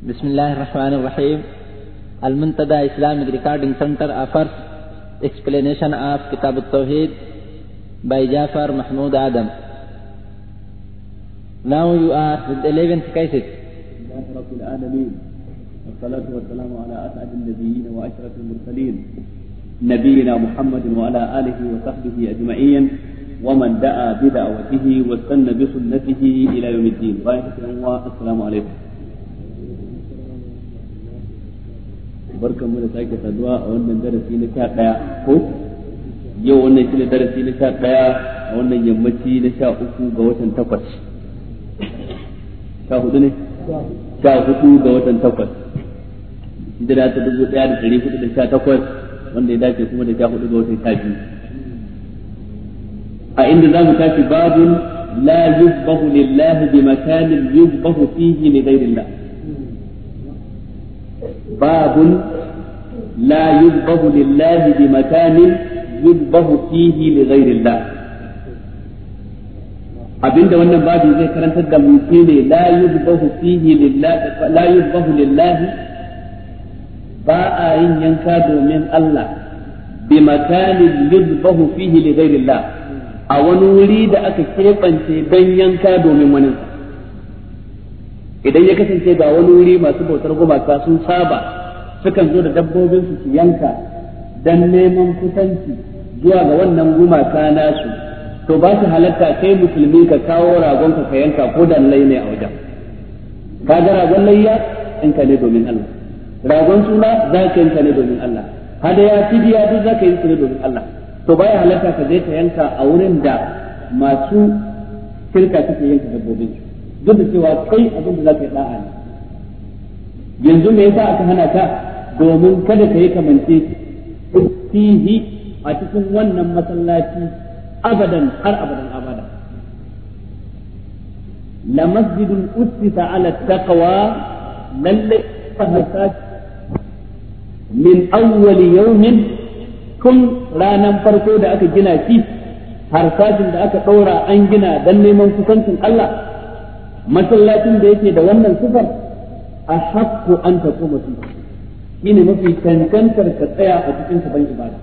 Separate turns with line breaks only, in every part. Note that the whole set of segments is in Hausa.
بسم الله الرحمن الرحيم المنتدى اسلامي ريكاردينج سنتر افرس اكسبلينيشن اف كتاب التوحيد باي جعفر محمود ادم ناو يو ار ذا 11th كيسيت رب العالمين والصلاة والسلام على أسعد النبيين وأشرف المرسلين نبينا محمد وعلى آله وصحبه أجمعين ومن دعا بدعوته واستنى بسنته إلى يوم الدين. رايت الله السلام عليكم. barkanmu da sake saduwa a wannan darasi na sha ɗaya ko yau wannan shi ne darasi na sha ɗaya a wannan yammaci na sha uku ga watan takwas sha hudu ne sha hudu ga watan takwas hijira ta dubu ɗaya da ɗari hudu da sha takwas wanda ya dace kuma da sha hudu ga watan sha biyu a inda za mu tashi babun la yuzbahu lillahi bi makanin yuzbahu fihi li ghairillah babun la yuzbahu lillahi bi makanin yuzbahu fihi li ghairillah abinda wannan babu zai karantar da mu ne la yuzbahu fihi lillahi la yuzbahu lillahi ba a yin yanka domin Allah bi makanin yuzbahu fihi li ghairillah a wani wuri da aka keɓance don yanka domin wani idan ya kasance ga wani wuri masu bautar gumaka sun saba sukan zo da dabbobin su yanka dan neman kusanci zuwa ga wannan gumaka nasu to ba su halatta kai musulmi ka kawo ragon ka yanka ko da lai ne a wajen ka ga ragon layya in ka ne domin Allah ragon suna za ka yanka ne domin Allah ya fidiya duk za ka yi ne domin Allah to baya halatta ka je ka yanka a wurin da masu shirka suke yanka dabbobin su duk da cewa kai abin da za ka yi da'a ne yanzu me yasa aka hana ka domin kada ka yi kamance fihi a cikin wannan masallaci abadan har abadan abada la masjidun ussisa ala taqwa lalle fahasa min awwal yawmin kun ranan farko da aka gina shi harsashin da aka ɗaura an gina don neman kusancin Allah masallacin da yake da wannan sifar a haƙƙo an taƙo mutum shine mafi kankantar ka tsaya a cikin saban ibada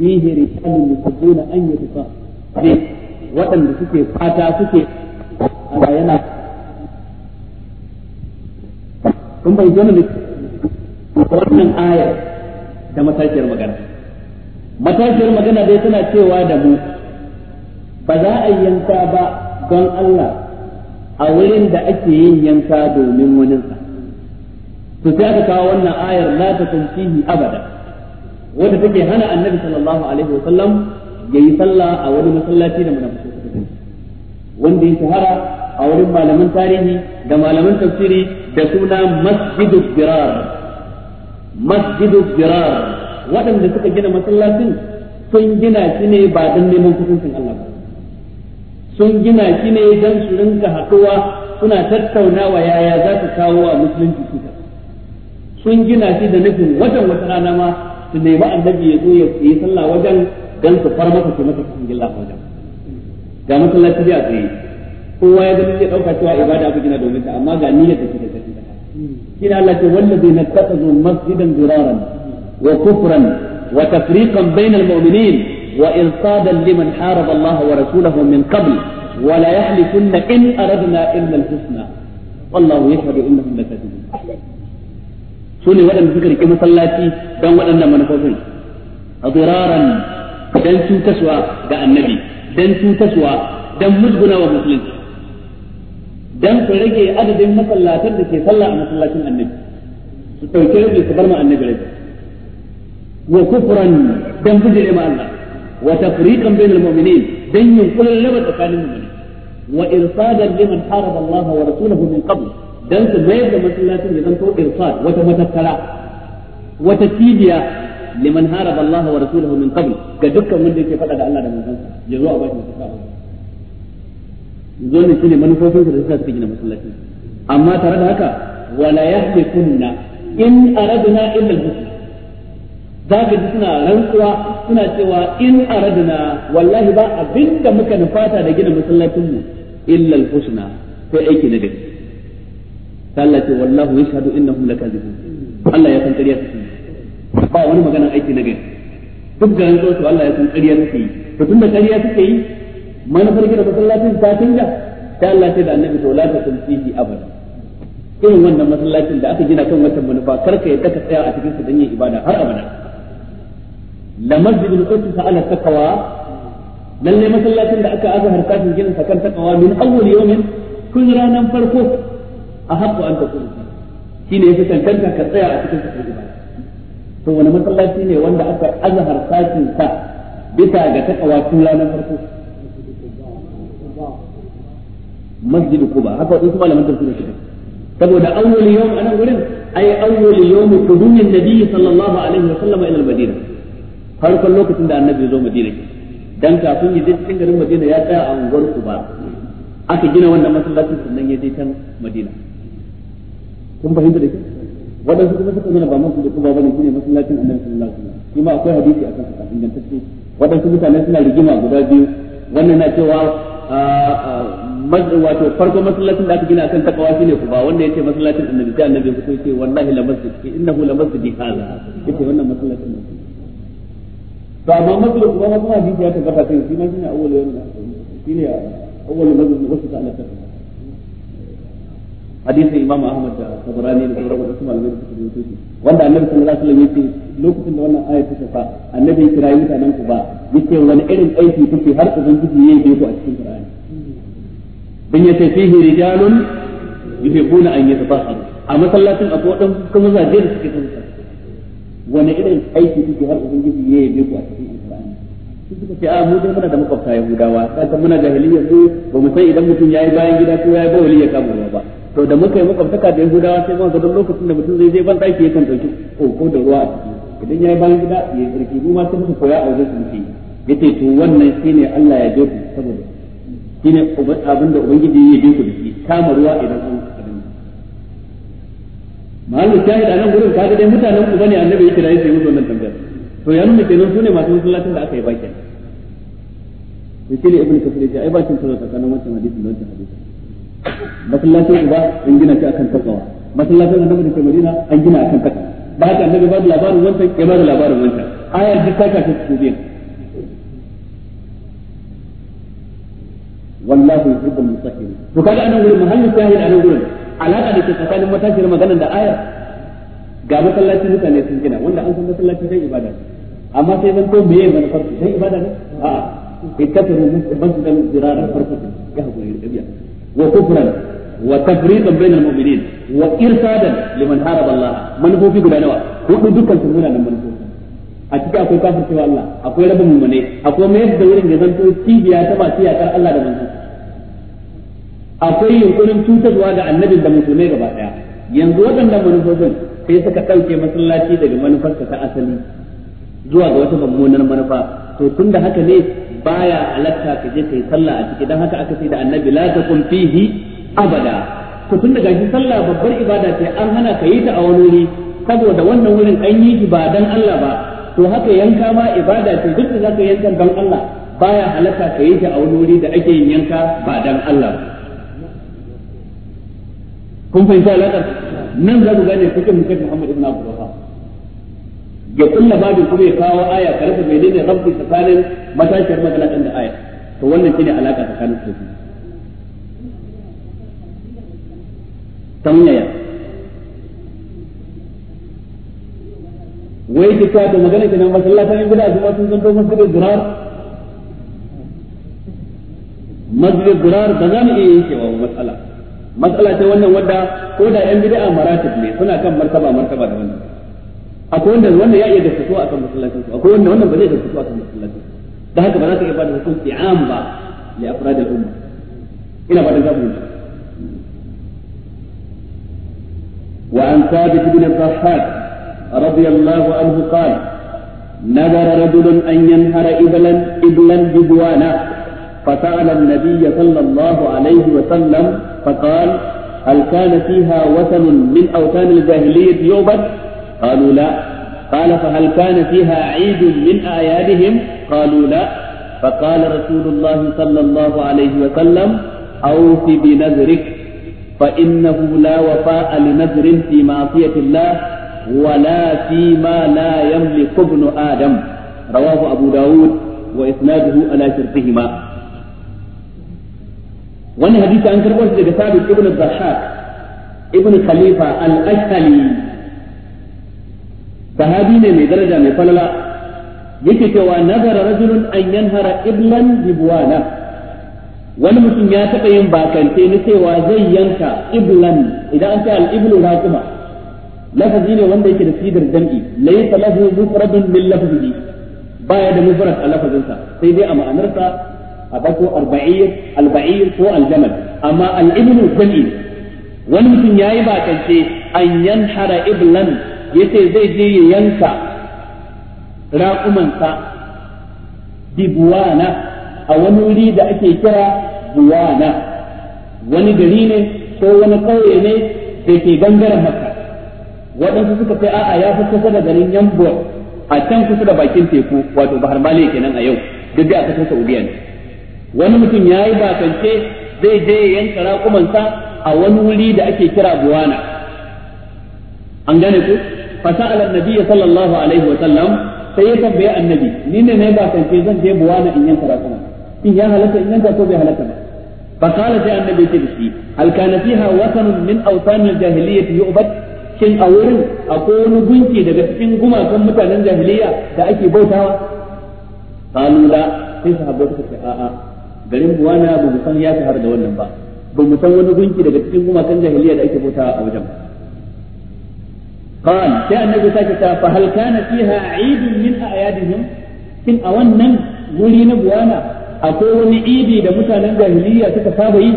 fihi rijalun yusabbuna an yutsa ne waɗanda suke fata suke Allah yana kun bai zo ne wannan aya da matashiyar magana matashiyar magana dai tana cewa da mu ba za a yanka ba don Allah a wurin da ake yin yanka domin sa to sai aka kawo wannan ayar la ta tansihi abada wanda take hana annabi sallallahu alaihi wasallam yayi sallah a wani masallaci da munafiki wanda ya shahara a wurin malamin tarihi da malamin tafsiri da suna masjidu birar masjidu birar waɗanda suka gina masallacin sun gina shi ne ba don neman kusancin Allah ba sun gina shi ne don su rinka haɗuwa suna tattaunawa yaya za su kawo wa musulunci cutar sun gina shi da nufin wajen wata rana ma su nemi annabi ya zo ya yi sallah wajen dan su far masa su masa cikin wajen ga masallaci a tsaye kowa ya zama zai dauka cewa ibada aka gina domin ta amma ga niyyar da take da take kina Allah ce wallazi nattakhadhu masjidan diraran wa kufran wa tafriqan bainal mu'minin wa irsadan liman haraba Allah wa rasulahu min qabl wa la yahlifunna in aradna illa al-husna wallahu yashhadu innahum lakadibun su ne waɗanda suka riƙe masallaci don waɗannan manufofin adiraran dan cutaswa ga annabi dan cutaswa dan musguna wa musulunci dan su rage adadin masallatan da ke sallah a masallacin annabi su ɗauki rabi su bar ma annabi rage wa kufran dan bijire ma Allah wa tafriqan bainal mu'minin dan yunkulan laba tsakanin mu'minin wa irsadan liman haraba Allah wa rasulahu min qabl dan su mayar da masallacin ya zanto irsad wata matattara, wata cibiya liman haraba Allah wa rasuluhu min qabl ga dukkan wanda yake faɗa da Allah da manzon ya zo a bashi matakka zo ne shine manufofin da suka suka gina masallaci amma tare da haka wala yahlikunna in aradna illa al-husn za ka ji suna rantsuwa suna cewa in aradna wallahi ba abinda muka nufata da gina masallacin mu illa al-husna sai aiki na gari Allah ce wallahu yashhadu innahum lakazibun Allah ya san ƙarya suke ba wani magana aiki na gari duk ga yanzu to Allah ya san ƙarya suke yi to tunda ƙarya suke yi manufar gina masallacin ta canja sai Allah ce da annabi to la ta sulfihi abada irin wannan masallacin da aka gina kan wata manufa karka yadda ka tsaya a cikin su dan yin ibada har abada Lamar la masjidul qudus ala takawa lalle masallacin da aka azhar kafin gina kan takawa min awwal yawmin kun ranan farko ahabbu an takuna shine yafi tantanta ka tsaya a cikin sa ibada to wani masallaci ne wanda aka azhar sakin sa bisa ga takawa tun ranar farko masjid kuba haka wasu kuma su tafsir shi saboda awwal yawm anan gurin ai awwal yawm da nabi sallallahu alaihi wa sallama ila al-madina farkon lokacin da annabi zo madina dan kafin ya je cikin garin madina ya tsaya a unguwar kuba aka gina wannan masallacin sannan ya je can madina kun fahimta da ke waɗansu kuma suka zana ba masu da kuma bane shine masallacin annabi sallallahu alaihi wasallam kuma akwai hadisi akan haka ingantacce waɗansu mutane suna rigima guda biyu wannan na cewa wato farko masallacin da aka gina akan takawa shine ku ba wanda yace masallacin annabi sai annabi ku ce wallahi la masjid innahu la masjid hadha yace wannan masallacin ne to amma masjid kuma kuma hadisi ya tabbata sai shi ma shine awwal yawm shine awwal masjid wasu ta hadisin imamu ahmad da tabarani da sauran wasu malamai da suka rubuto shi wanda annabi sallallahu alaihi wasallam yace lokacin da wannan ayat ta shafa annabi ya kira mutanen ku ba yace wani irin aiki kuke har ku ubangiji yayi bai ku a cikin qur'ani bin yace fihi rijalun yuhibbuna an yatafahamu a masallacin akwai wadan kuma zaje da suke kansa wani irin aiki kuke har ku ubangiji yayi bai ku a cikin qur'ani suka ce a ah, mu dai muna da makwabta yahudawa kaga muna jahiliyyar su ba mu san idan mutum yayi bayan gida ko yayi bawali ya kabo ba to da muka yi makwabtaka da yahudawa sai muka ga lokacin da mutum zai zai ban daki kan dauki ko da ruwa a ciki idan yayi bayan gida ya yi tsarki mu ma sai muka koya a wajen su yace to wannan shine Allah ya jefu saboda shine abin da ubangiji ya jefu da shi kama ruwa idan an abin mahallin shahid a nan gurin kaga dai mutanen ku bane annabi yake da yake musu wannan tambayar to ya nuna kenan su ne masu musulatin da aka yi bakin to shine ibnu kafir ya ai bakin sunan tsakanin wancan hadisin da wancan hadisin masallacin uba an gina shi akan takawa masallacin annabi da ke madina an gina akan takawa ba haka annabi ba da labarin wancan ya ba da labarin wancan ayar duk ta kashe su biyan wallahu yuhibbul mutahhirin to kaga anan gurin mahallin shahid anan gurin alaka da ke tsakanin matashiyar maganar da ayar ga masallacin mutane sun gina wanda an san masallacin sai ibada amma sai zan to meye manufar sai ibada ne a'a ban masjidan zirarar farko ya hakuri da biya وكفرا وتفريقا بين المؤمنين وإرشادا لمن حارب الله من هو في غدانوا هو دكان سمونا من a ciki akwai cewa Allah akwai rabin mummune akwai mayar da wurin ya zanto cibiya ta masu yakar Allah da manzo akwai yunkurin cutarwa da annabin da musulmai gaba daya yanzu waɗannan manufofin sai suka ɗauke masallaci daga manufarsa ta asali zuwa ga wata mummunar manufa to tun da haka ne baya halatta ka je kai sallah a ciki dan haka aka ce da annabi la takum fihi abada to tun daga shi sallah babbar ibada ce an hana ka yi ta a wani wuri saboda wannan wurin an yi shi ba dan Allah ba to haka yanka ma ibada ce duk da zaka yanka dan Allah baya halatta ka yi ta a wani wuri da ake yin yanka ba dan Allah kun fahimta alaƙar nan za ku gane cikin mutum Muhammad ibn Abdullah ya kulla babin kuma ya kawo aya ka rasa menene rabbi tsakanin matashiyar magana da aya to wannan shine alaka tsakanin su tamnaya wai ki ta da magana kenan masallata ne guda kuma sun zanto masjidul durar masjidul durar da za mu iya yin cewa matsala matsala ce wannan wadda ko da yan bid'a maratib ne suna kan martaba martaba da wannan akwai wanda wannan ya iya da fito akan masallacin su akwai wanda wannan ba zai da fito akan masallacin su da haka ba za ka iya bada hukunci am ba li afrad al umma ina ba da gabu wa an thabit ibn al-dhahhak radiyallahu anhu qala نذر رجل أن ينهر إبلا إبلا جدوانا فسأل النبي صلى الله عليه وسلم فقال هل كان فيها وثن من أوثان الجاهلية يعبد قالوا لا قال فهل كان فيها عيد من أعيادهم قالوا لا فقال رسول الله صلى الله عليه وسلم أوف بنذرك فإنه لا وفاء لنذر في معصية الله ولا فيما لا يملك ابن آدم رواه أبو داود وإسناده على شرطهما وأن حديث أنكر وجد ثابت ابن الضحاك ابن خليفة الأشهلي sahabi ne mai daraja mai falala yake cewa nazara rajulun an yanhara iblan bibuwana wani mutum ya taɓa yin bakance na cewa zai yanka iblan idan an ce al-iblu raquma lafazi ne wanda yake da sidar jam'i laysa lahu mufradun min lafzihi baya da mufrad a lafazinsa sai dai a ma'anarsa a bako arba'ir alba'ir ko aljamal amma al-iblu jam'i wani mutum yayi bakance an yanhara iblan yace zai je ya yanka raƙumansa dibuwana a wani wuri da ake kira buwana wani gari ne ko wani ƙauye ne da ke gangaren maka waɗansu suka sai a'a ya fi kusa da garin yambo a can kusa da bakin teku wato bahar mali kenan a yau duk da aka kasar saudiya wani mutum ya yi bakance zai je ya yanka raƙumansa a wani wuri da ake kira buwana an gane ku fa sa'ala sallallahu alaihi wa sallam sai ya tambaye annabi ni ne ne ba kance zan je buwa in yanka rakuma in ya halatta ba fa qala sai annabi ce dashi hal kana fiha wasanun min awsan al-jahiliyyah shin a wurin akwai wani gunki daga cikin gumakan mutanen jahiliya da ake bautawa a'a garin buwana na mu san ya har da wannan ba ba san wani gunki daga cikin gumakan jahiliya da ake bautawa a wajen ba sai قال جاء النبي ساكتا فهل كان فيها عيد من أعيادهم إن أولا ولي نبوانا wani idi da mutanen jahiliya suka saba yi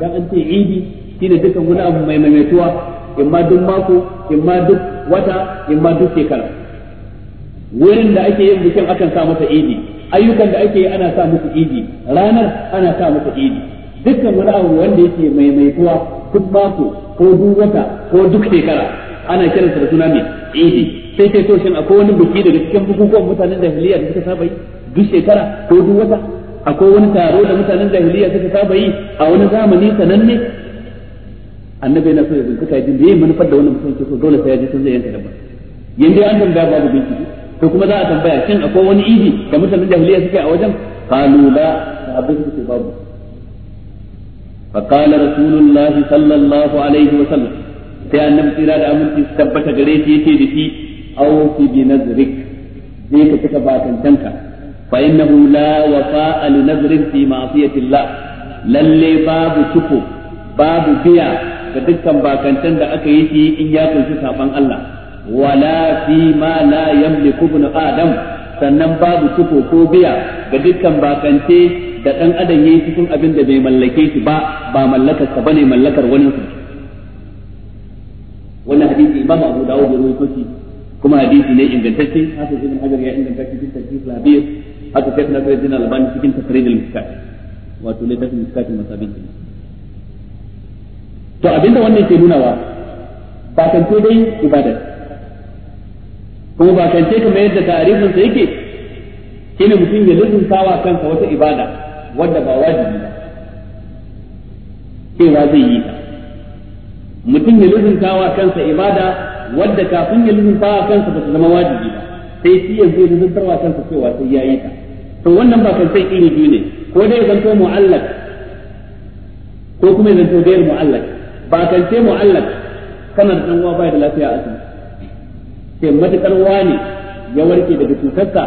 dan an ce idi shine dukkan wani abu mai maimaituwa in ma duk mako in ma duk wata in ma duk shekara wurin da ake yin bikin akan sa masa idi ayyukan da ake yi ana sa musu idi ranar ana sa musu idi dukkan wani abu wanda yake maimaituwa duk mako ko duk wata ko duk shekara ana kiransa da suna mai idi sai sai toshin akwai wani buki daga cikin bukukuwan mutanen jahiliya da suka saba yi duk shekara ko duk wata akwai wani taro da mutanen jahiliya suka saba yi a wani zamani sananne annabi na so ya bincika da me manufar da wannan mutum ke so dole sai ya ji sun zai yanka dabba yanda an tambaya babu bincike to kuma za a tambaya shin akwai wani idi da mutanen jahiliya suke a wajen qalu la sahabbai suke babu فقال رسول الله صلى الله عليه وسلم sai annabi tsira da aminci su tabbata gare shi yake da shi awfi bi nazrik sai ka cika bakantanka fa innahu la wafa'a li nazrin fi ma'siyati Allah lalle babu tuko babu biya ga dukkan bakantan da aka yi shi in ya kunshi saban Allah wala fi ma la yamliku ibn adam sannan babu tuko ko biya ga dukkan bakante da dan adam yayi cikin abin da bai mallake shi ba ba mallakarsa bane mallakar wani su hadisi imam abu dawud ya rawaito shi kuma hadisi ne ingantacce haka ibn hajar ya inganta shi cikin tafsir labir haka sai na sai albani cikin tafsir al-miskat wato ne tafsir miskat masabin
to abinda wannan ke nuna wa
ba kan ce dai ibada kuma ba kan ce kamar yadda tarihin sa yake shine mutum ya lissafta wa kansa wata ibada wadda ba wajibi ba cewa zai yi ta mutum ya lizinta wa kansa ibada wadda kafin ya lizinta wa kansa ba su zama wajibi ba sai shi yanzu ya lizinta wa kansa cewa sai ya yi ta to wannan ba kan sai iri biyu ne ko dai zan to mu'allaq ko kuma zan to dai mu'allaq ba kan sai mu'allaq kana da dan uwa bai da lafiya cikin sai matakar wani ya warke daga cutarsa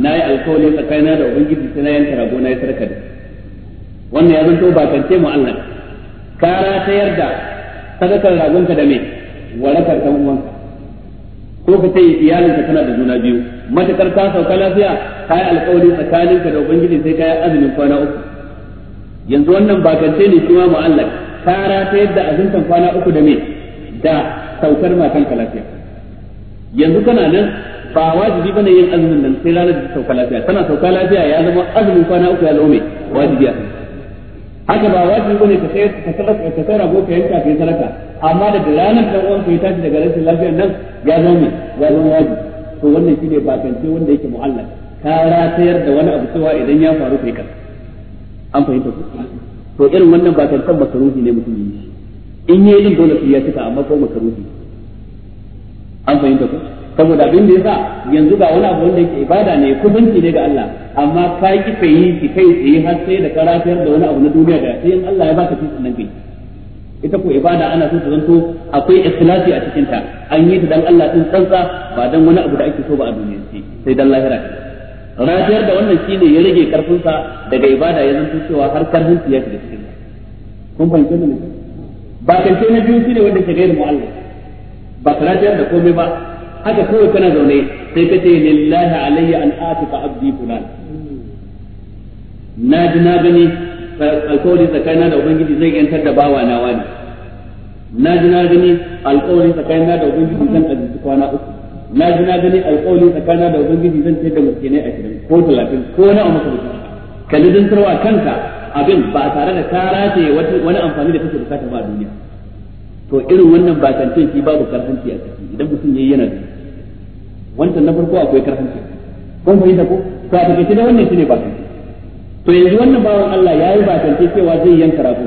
na yi alkawali tsakanina da ubangiji sai na yanka rago na yi sarka da wannan ya zanto ba kan sai mu'allaq kara ta yarda sadakar ragonka da me warakar dan uwanka ko ka sai iyalinka tana da juna biyu matakar ta sauka lafiya kai alƙawari tsakaninka da ubangiji sai yi azumin kwana uku yanzu wannan ba kance ne kuma mu'allaq tara ta yadda azumin kwana uku da me da saukar matanka lafiya yanzu kana nan ba wajibi bane yin azumin nan sai ranar da sauka lafiya tana sauka lafiya ya zama azumin kwana uku ya lome wajibi a haka ba wajibi bane ka sai ka tsara ka tsara go ka yanka kai sadaka amma da ranar da uwan ya tashi daga rashin lafiyar nan ya zo ne ya zo wajibi to wannan shine bakance wanda yake mu'allal ka ratayar da wani abu cewa idan ya faru kai ka an fahimta ku to irin wannan bakantan makaruhi ne mutum yi shi in yi din dole sai ya cika amma ko makaruhi an fahimta ku saboda abin da yasa yanzu ga wani abu wanda yake ibada ne kubanci ne ga Allah amma ka ki yi ki kai tsaye har sai da karatar da wani abu na duniya da sai Allah ya baka cikin nan gani ita ko ibada ana so ta zanto akwai ikhlasi a cikin ta an yi ta dan Allah din tsantsa ba dan wani abu da ake so ba a duniya sai dan lahira rajiyar da wannan shine ya rage karfin sa daga ibada ya zanto cewa har karfin ya shiga cikin kun fahimta ne ba kance na biyu shine wanda ke gairu Allah. ba rajiyar da komai ba haka kawai kana zaune sai ka ce lillahi alayya an atika abdi fulan na ji na gani alkawari tsakanin da ubangiji zai yantar da bawa na wani na ji na gani alkawari tsakanin da ubangiji zan azuci kwana uku na ji na gani alkawari tsakanin da ubangiji zan ce da a ashirin ko talatin ko wani abu makamanci kalli don tarwa kanka abin ba tare da kara ce wani amfani da kake bukata ba a duniya to irin wannan ba bakantin shi babu karfin a ciki idan mutum yayi yana da wancan na farko akwai karhanci kun fahimta ko to a take da wannan shine bakan to yanzu wannan bawan Allah yayi bakan ce cewa zai yanka rago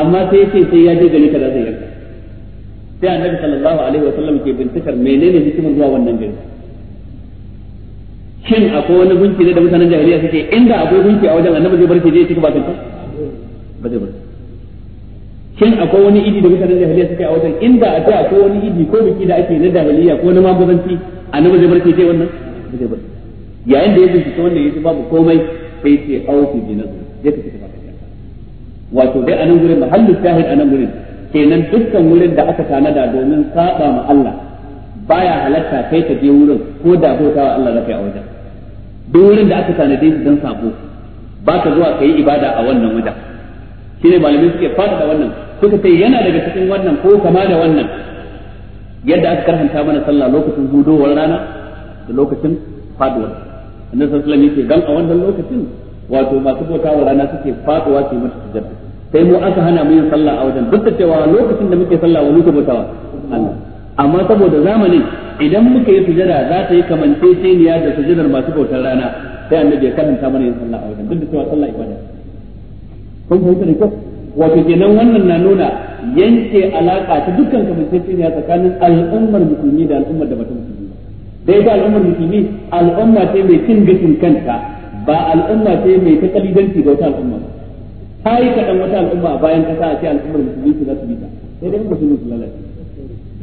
amma sai ce sai ya je gari da zai yanka sai annabi sallallahu alaihi wa sallam ke bincikar menene hikimar zuwa wannan gari shin akwai wani gunki ne da mutanen jahiliya suke inda akwai gunki a wajen annabi zai bar shi je cika bakin ba zai bar shin akwai wani idi da mutanen jahiliya suka yi a wajen inda a ce akwai wani idi ko biki da ake na jahiliya ko na maguzanci annabi zai barke ce wannan zai barke yayin da ya bincike wannan yace babu komai sai ce aufi bi nazu ya kace ba wato dai anan gurin mahallu shahid anan gurin kenan dukkan wurin da aka tanada domin saba ma Allah baya halatta kai ta je wurin ko da bautawa Allah zaka a wajen duk wurin da aka tanade shi dan sabo ba ka zuwa kai ibada a wannan wajen shine malamin suke fada da wannan suka ce yana daga cikin wannan ko kama da wannan yadda aka karanta mana sallah lokacin hudowar rana da lokacin faduwar annabi sallallahu alaihi wasallam dan a wannan lokacin wato masu bauta wa rana suke faduwa su yi mata sai mu aka hana mu yin sallah a wajen duk da cewa lokacin da muke sallah wani muke bautawa Allah amma saboda zamanin idan muka yi sujada za ta yi kamanceceniya da sujadar masu bautar rana sai annabi ya karanta mana yin sallah a wajen duk da cewa sallah ibada kun fahimta ne ko wato kenan wannan na nuna yanke alaka ta dukkan kamanceceniya tsakanin al'ummar musulmi da al'ummar da bata musulmi da ya ba al'ummar musulmi al'umma ce mai cin gashin kanta ba al'umma ce mai ta kalidanci ga wata al'umma ba ta yi kaɗan wata al'umma a bayan kasa a ce al'ummar musulmi su za su bi sai dai musulmi su lalace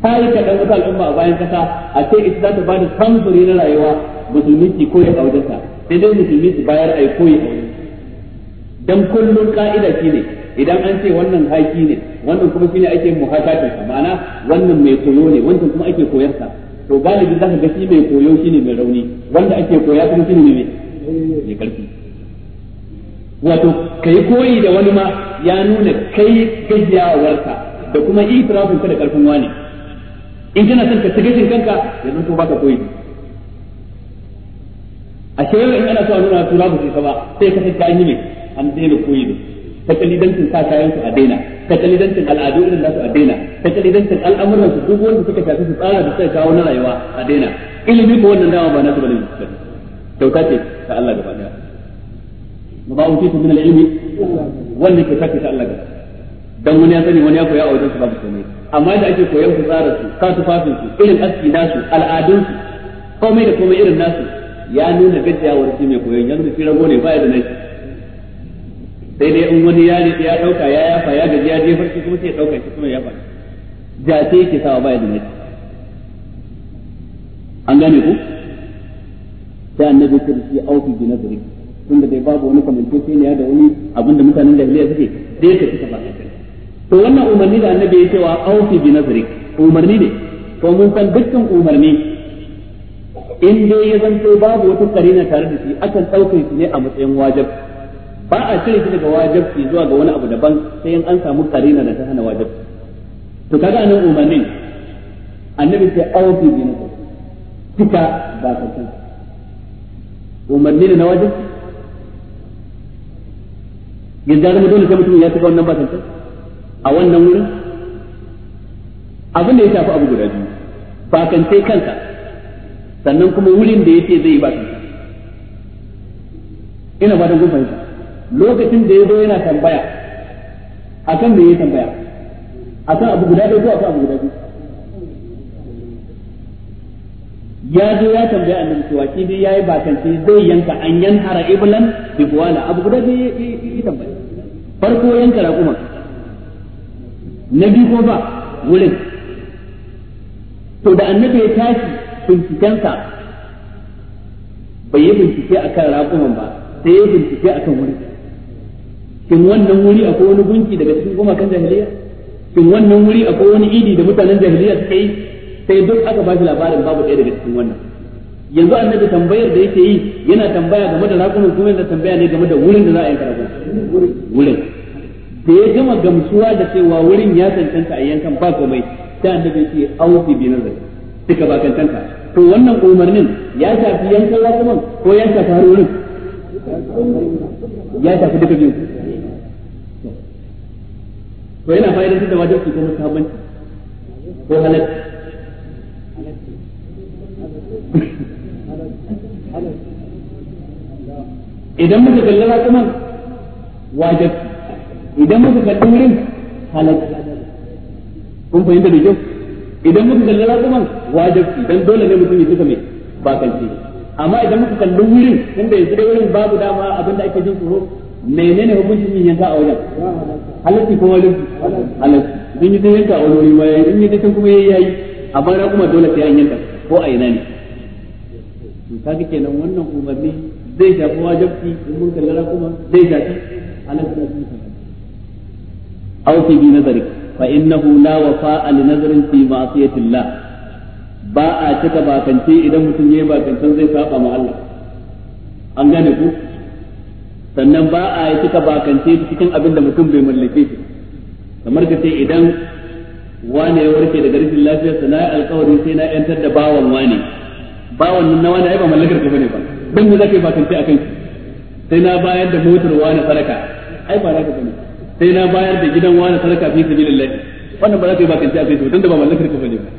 ta yi kaɗan wata al'umma a bayan kasa a ce ita za ta ba da samfuri na rayuwa musulmi ki koyi a wajensa sai dai musulmi su bayar a yi koyi a wajensa dan kullum ka'ida shi ne idan an ce wannan haki ne wannan kuma shine ake muhakatin sa ma'ana wannan mai koyo ne wannan kuma ake koyar sa to galibi za ka ga shi mai koyo shine mai rauni wanda ake koya kuma shine mai mai karfi wato kai koyi da wani ma ya nuna kai gajiyawarka da kuma itirafin ka da karfin wani in kana son ka tagashin kanka yanzu ko baka koyi a shewa in ana so a nuna turabu sai ka ba sai ka ta ka yi ne an daina koyi da ta kalidancin sa kayan su a daina ta kalidancin al'adu irin nasu a daina ta kalidancin al'amuran su duk wanda suka shafi su tsara da suka kawo na rayuwa a daina ilimi ko wannan dama ba nasu bane kyauta ce ta Allah gaba daya ma ba wuce su min ilimi wannan kyauta ce ta Allah gaba dan wani ya sani wani ya koya a wajen su ba babu komai amma da ake koyon su tsara su ka tufafin su irin aski nasu al'adun su komai da komai irin nasu ya nuna gajiyawar shi mai koyon yanzu shi rago ne ba ya da nashi sai dai in wani ya ya dauka ya yafa ya gaji ya je farki kuma sai ya dauka shi kuma ya yafa ja sai yake sawa baya da mai an gane ku sai annabi ta shi auki bi nazari tunda dai babu wani ya da wani abin da mutanen jahiliya suke dai ka cika ba to wannan umarni da annabi ya cewa auki bi nazari umarni ne to mun san dukkan umarni in dai ya zanto babu wata karina tare da shi akan ɗaukar shi ne a matsayin wajibi ba a cire shi daga wajibci zuwa ga wani abu daban sai in an samu karina da ta hana wajibci to kaga nan umarnin annabi sai auki bi nako fita ba ka san umarni ne na wajibci yadda zama dole sai mutum ya tafi wannan ba san a wannan wurin abin da ya shafi abu guda biyu ba kan sai kanka sannan kuma wurin da yake zai yi ba kanka ina ba da gumfa lokacin da ya zo yana tambaya akan me ya tambaya akan abu guda ɗaya ko akan abu guda biyu ya zo ya tambaya annabi cewa shi dai yayi bakance zai yanka an yanhara iblan bi wala abu guda dai ya tambaya farko yanka raquma na ko ba wurin to da annabi ya tashi bincikensa bai yi bincike akan raƙuman ba sai ya bincike akan wurin in wannan wuri akwai wani gunki daga cikin gumakan jahiliya in wannan wuri akwai wani idi da mutanen jahiliya suka yi sai duk aka ba shi labarin babu ɗaya daga cikin wannan yanzu annabi tambayar da yake yi yana tambaya game da rakunan kuma yana tambaya ne game da wurin da za a yanka rakunan wurin da ya gama gamsuwa da cewa wurin ya cancanta a yankan ba komai sai annabi ce aufi bi nazar duka ba cancanta to wannan umarnin ya shafi yankan rakunan ko ya shafi wurin ya shafi duka biyu to yana fa'idantar da wajibi ko mustahabbanci ko halatta
idan muka kalli raƙuman
wajib idan muka kalli wurin halal kun fahimta da kyau idan muka kalli raƙuman wajib idan dole ne mutum ya tuka mai bakanci amma idan muka kalli wurin inda yanzu da wurin babu dama abinda ake jin tsoro menene hukuncin yin yanka a wajen halatti ko wajen halatti don yi ta yanka a wani ma yayi in yi ta kuma yayi yayi a bara kuma dole sai an yanka ko a ina ne to kaga kenan wannan umarni zai shafi wajibi in mun kallara kuma zai shafi halatti aw fi bi nazari fa innahu la wafa'a li nazrin fi ma'siyati llah ba a cika bakance idan mutum yayi bakancen zai saba ma Allah an gane ku sannan ba a yi cika bakance cikin abin da mutum bai mallake shi kamar ka ce idan wane ya warke daga rashin lafiyar sa na alkawari sai na yantar da bawan wane bawan nan na wane ai ba mallakar ka bane ba dan ne zaka yi bakance akan shi sai na bayar da motar wane sadaka ai ba zaka bane sai na bayar da gidan wane sadaka fi sabilillah wannan ba za yi bakance akan shi dan da ba mallakar ka bane ba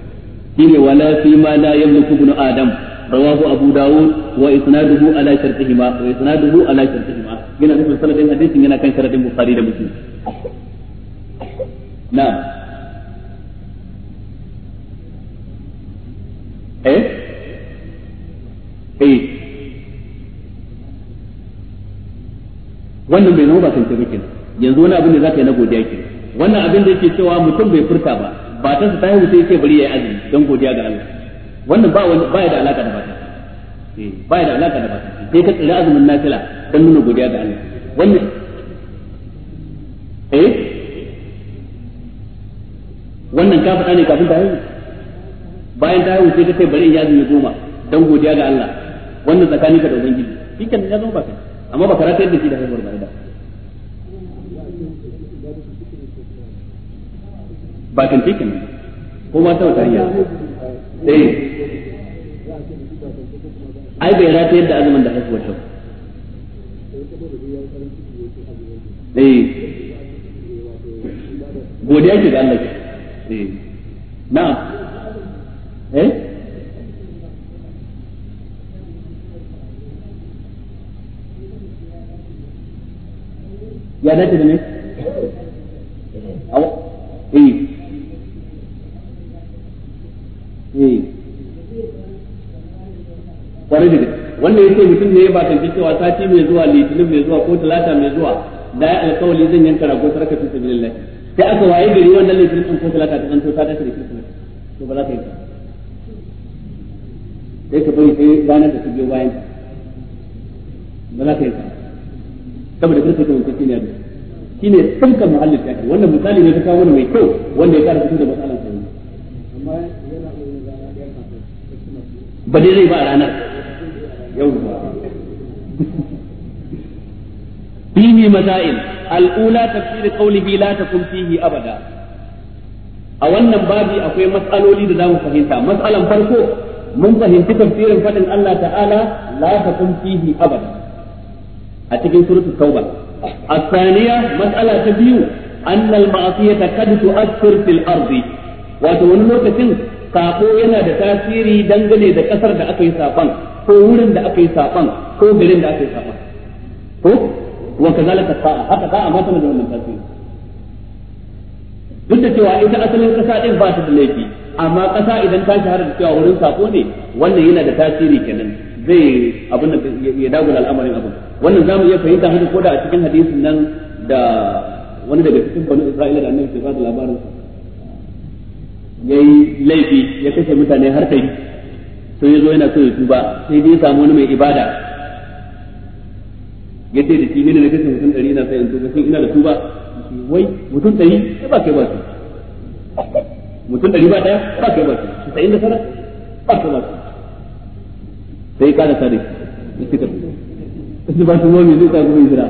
shine wala fi ma la yamliku adam رواه abu داود wa على شرطهما shartihima على شرطهما ala shartihima yana nufin sanadin hadisin yana kan sharadin bukhari da eh? Eh. wannan bai zama ba kai bikin yanzu wani abin da zaka yi na godiya ke wannan abin da yake cewa mutum bai furta ba ba ta ta yi wuce yake bari ya yi azumi don godiya ga Allah wannan ba wani ba ya da alaka da batun eh, ba ya da alaka da batun sai ka tsira azumin nafila dan nuna godiya ga Allah wannan eh wannan ka faɗa ne kafin ta haihu bayan ta haihu sai ka ce bari in yi ya goma dan godiya ga Allah wannan tsakanin ka da ubangiji kikan ya zama baka amma ba karata yadda shi da haihuwar ba da ba kan tikin ko ma ta wata riya eh
ai bai rata yadda azumin da
haifuwar ta eh
godiya ke ga Allah eh na'am eh
ya dace da ne wanda yake mutum ne ba tantace cewa sati mai zuwa litinin mai zuwa ko talata mai zuwa da ya alƙawali zan yanka rago sarka fi sabilillah sai aka waye gari wannan litinin din ko talata ta zanto ta dace da kirsimeti to ba za ka yi ba sai ka bari sai ranar da ta biyo bayan ba za ka yi ba saboda karka ta mutum ne shi ne tsanka muhallin ta wannan misali ne ta kawo mai kyau wanda ya kara fito da matsalan sa amma yana ba dai zai ba ranar yawwa fihi masail al-ula tafsir qawlihi la takun fihi abada a wannan babi akwai matsaloli da zamu fahimta matsalan farko mun fahimci tafsirin fadin Allah ta'ala la takun fihi abada a cikin suratul tauba الثانية مسألة تبيو أن المعصية قد تؤثر في الأرض wato wani lokacin sako yana da tasiri dangane da ƙasar da aka yi sakon ko wurin da aka yi saban ko garin da aka yi saban ko wa kazalika sa'a haka sa'a ma tana da wannan tasiri duk da cewa ita asalin kasa din ba ta da laifi amma kasa idan ta shahara da cewa wurin sako ne wannan yana da tasiri kenan zai abin da ya dagula al'amarin abin wannan zamu iya fahimta haka ko da a cikin hadisin nan da wani daga cikin banu Isra'ila da annabi ke ba da labarin yayi laifi ya kashe mutane har kai sai ya zo yana so ya tuba sai dai samu wani mai ibada yadda da shi ne na kashe mutum ɗari na sai in tuba sai ina da tuba wai mutum ɗari ya ba kai ba su mutum ɗari ba ɗaya ba kai ba su sai da sana ba kai ba su sai ka da sare ya cika su ba su momi zai ka kuma jira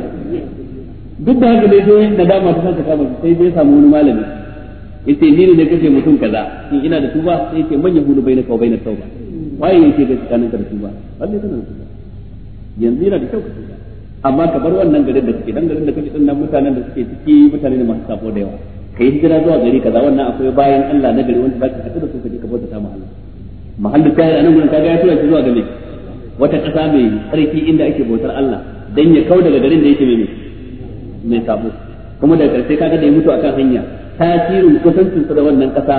duk da haka dai sai na dama ta saka kama sai dai samu wani malami yace ni ne kace mutum kaza in ina da tuba sai hudu bai na bainaka bai na tauba waye yake ga tsakanin karfi ba lalle kana ba yanzu yana da kyau ka tuba amma ka bar wannan garin da kake dan garin da kake dinnan mutanen da suke ciki mutane ne masu sabo da yawa kai hijira zuwa gari kaza wannan akwai bayan Allah na gari wanda zaka haɗu da su ka je ka bauta ta mahalla mahallin kai anan gurin kaga ya tura shi zuwa gari wata ƙasa mai tsarki inda ake bautar Allah dan ya kau daga garin da yake mai mai sabo kuma daga karshe kaga da ya mutu akan hanya tasirin kusancin sa da wannan kasa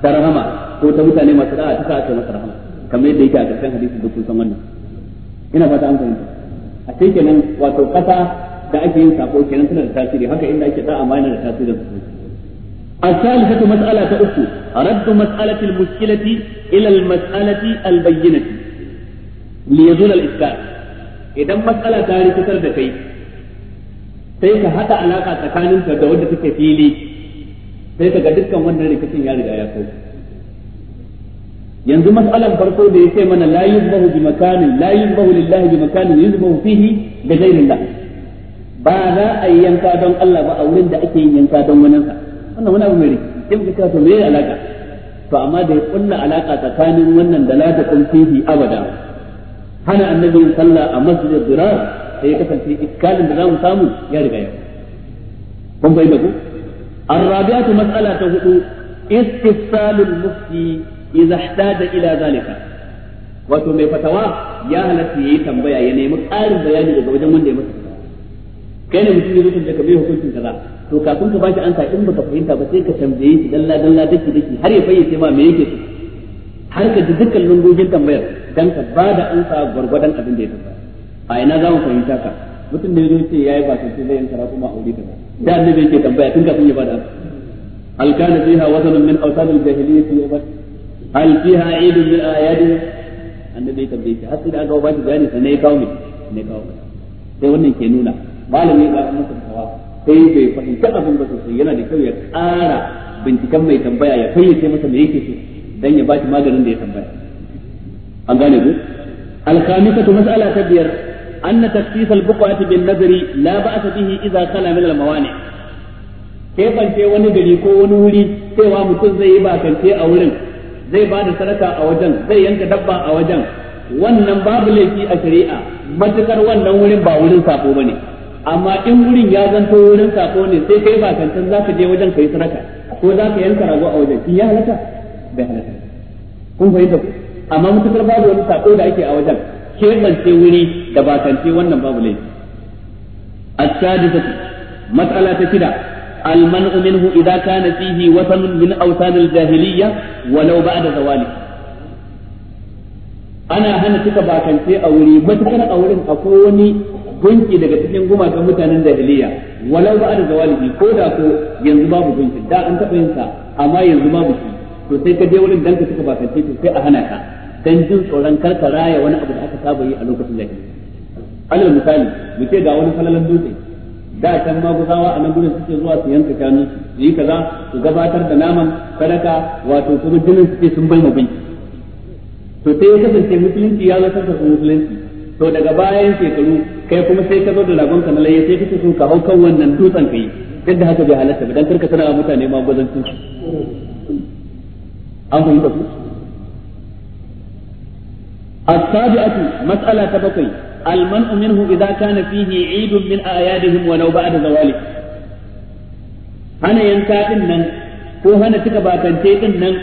ta rahama ko ta mutane masu da'a ta sa ta masa rahama kamar yadda yake a ƙarshen hadisin da kun san wannan ina fata an fahimta a sai kenan wato kasa da ake yin sako kenan tana da tasiri haka inda ake da'a ma yana da tasirin الثالثة مسألة أخرى رد مسألة المشكلة إلى المسألة البينة ليزول الإشكال idan matsala ta rikitar da kai sai ka haɗa alaƙa tsakaninka da wanda take fili sai ka ga dukkan wannan rikicin ya riga ya kauce yanzu mas'alan farko da ya yace mana la yuzbahu bi makanin la yuzbahu lillahi bi makanin yuzbahu fihi bi ghairillah ba za a yi yanka don Allah ba a wurin da ake yin yanka don wani sa wannan wani abu mai rai sai muka to me alaka to amma da ya kunna alaka tsakanin wannan da la taqul fihi abada hana annabi sallah a masjidil dirar sai ya kasance ikkalin da za mu samu ya riga ya kun bai da ku الرابعة مسألة هدوء استفسال المفتي idza da ila zalika wato mai fatawa ya halatta yayi tambaya ya nemi ƙarin bayani daga wajen wanda ya masa kai ne mutum ya zo tambaye ka bai hukuncin kaza to kafin ka bashi ansa in baka fahimta ba sai ka tambaye shi dalla dalla dake dake har ya fayyace ma me yake so har ka ji dukkan lungogin tambayar dan ka ba da ansa gwargwadon abin da ya tambaya a ina za mu fahimta ka mutum ne zo ce yayi ba sai zai yanka kuma aure kaza da ne annabi ke tambaya tun kafin ya bada ansa alkana fiha wazanan min awsan aljahiliyyah wa هل فيها عيد من الآيات النبي تبدي تحصل على جوابات جاني سنيكاومي نيكاومي ده ونن كنونا قال مي بعد ما تبوا في في فإن كان من بس سينا دكتور يا أرا بنت كم ما يتم بيا في كم ما سنيك في ده يبات ما جرن ده يتم بيا أعاني بو الخامسة مسألة كبيرة أن تكسيس البقعة بالنظر لا بأس به إذا خلا من الموانع كيف أنت وني بريكو ونولي سوى مكوز زي باكن في أولين zai ba da sadaka a wajen zai yanka dabba a wajen wannan babu laifi a shari'a matukar wannan wurin ba wurin sako bane amma in wurin ya zanto wurin sako ne sai kai ba kantan zaka je wajen kai sadaka ko zaka yanka rago a wajen in ya halaka bai halaka kun fahimta ku amma matukar babu wani sako da ake a wajen keɓance wuri da kance wannan babu laifi السادسة مسألة شدة المنع منه إذا كان فيه وثن من أوثان الجاهلية ولو بعد زواله ana hana cika bakance a wuri matukar a wurin akwai wani gunki daga cikin gumakan mutanen jahiliya walau ba da zawalihi ko da ko yanzu babu gunki da an taɓa amma yanzu to sai ka je wurin danka cika bakance to sai a hana ka dan jin tsoron karkara ya wani abu da aka saba yi a lokacin jahiliya alal misali mu ce ga wani falalan dutse da can maguzawa a nan gurin suke zuwa su yanka shanu su yi kaza su gabatar da naman sadaka wato kuma jinin suke sun bai mabin to sai ya kasance musulunci ya zo su musulunci to daga bayan shekaru kai kuma sai ka zo da lagon ka na laye sai kake so ka hau kan wannan dutsen kai duk da haka bai halarta ba dan karka sanawa mutane ma gwazancin
su
an fahimta su mas'ala ta bakwai. المنع منه إذا كان فيه عيد من أعيادهم ولو بعد Hana هنا ينكا nan ko hana cika bakance din nan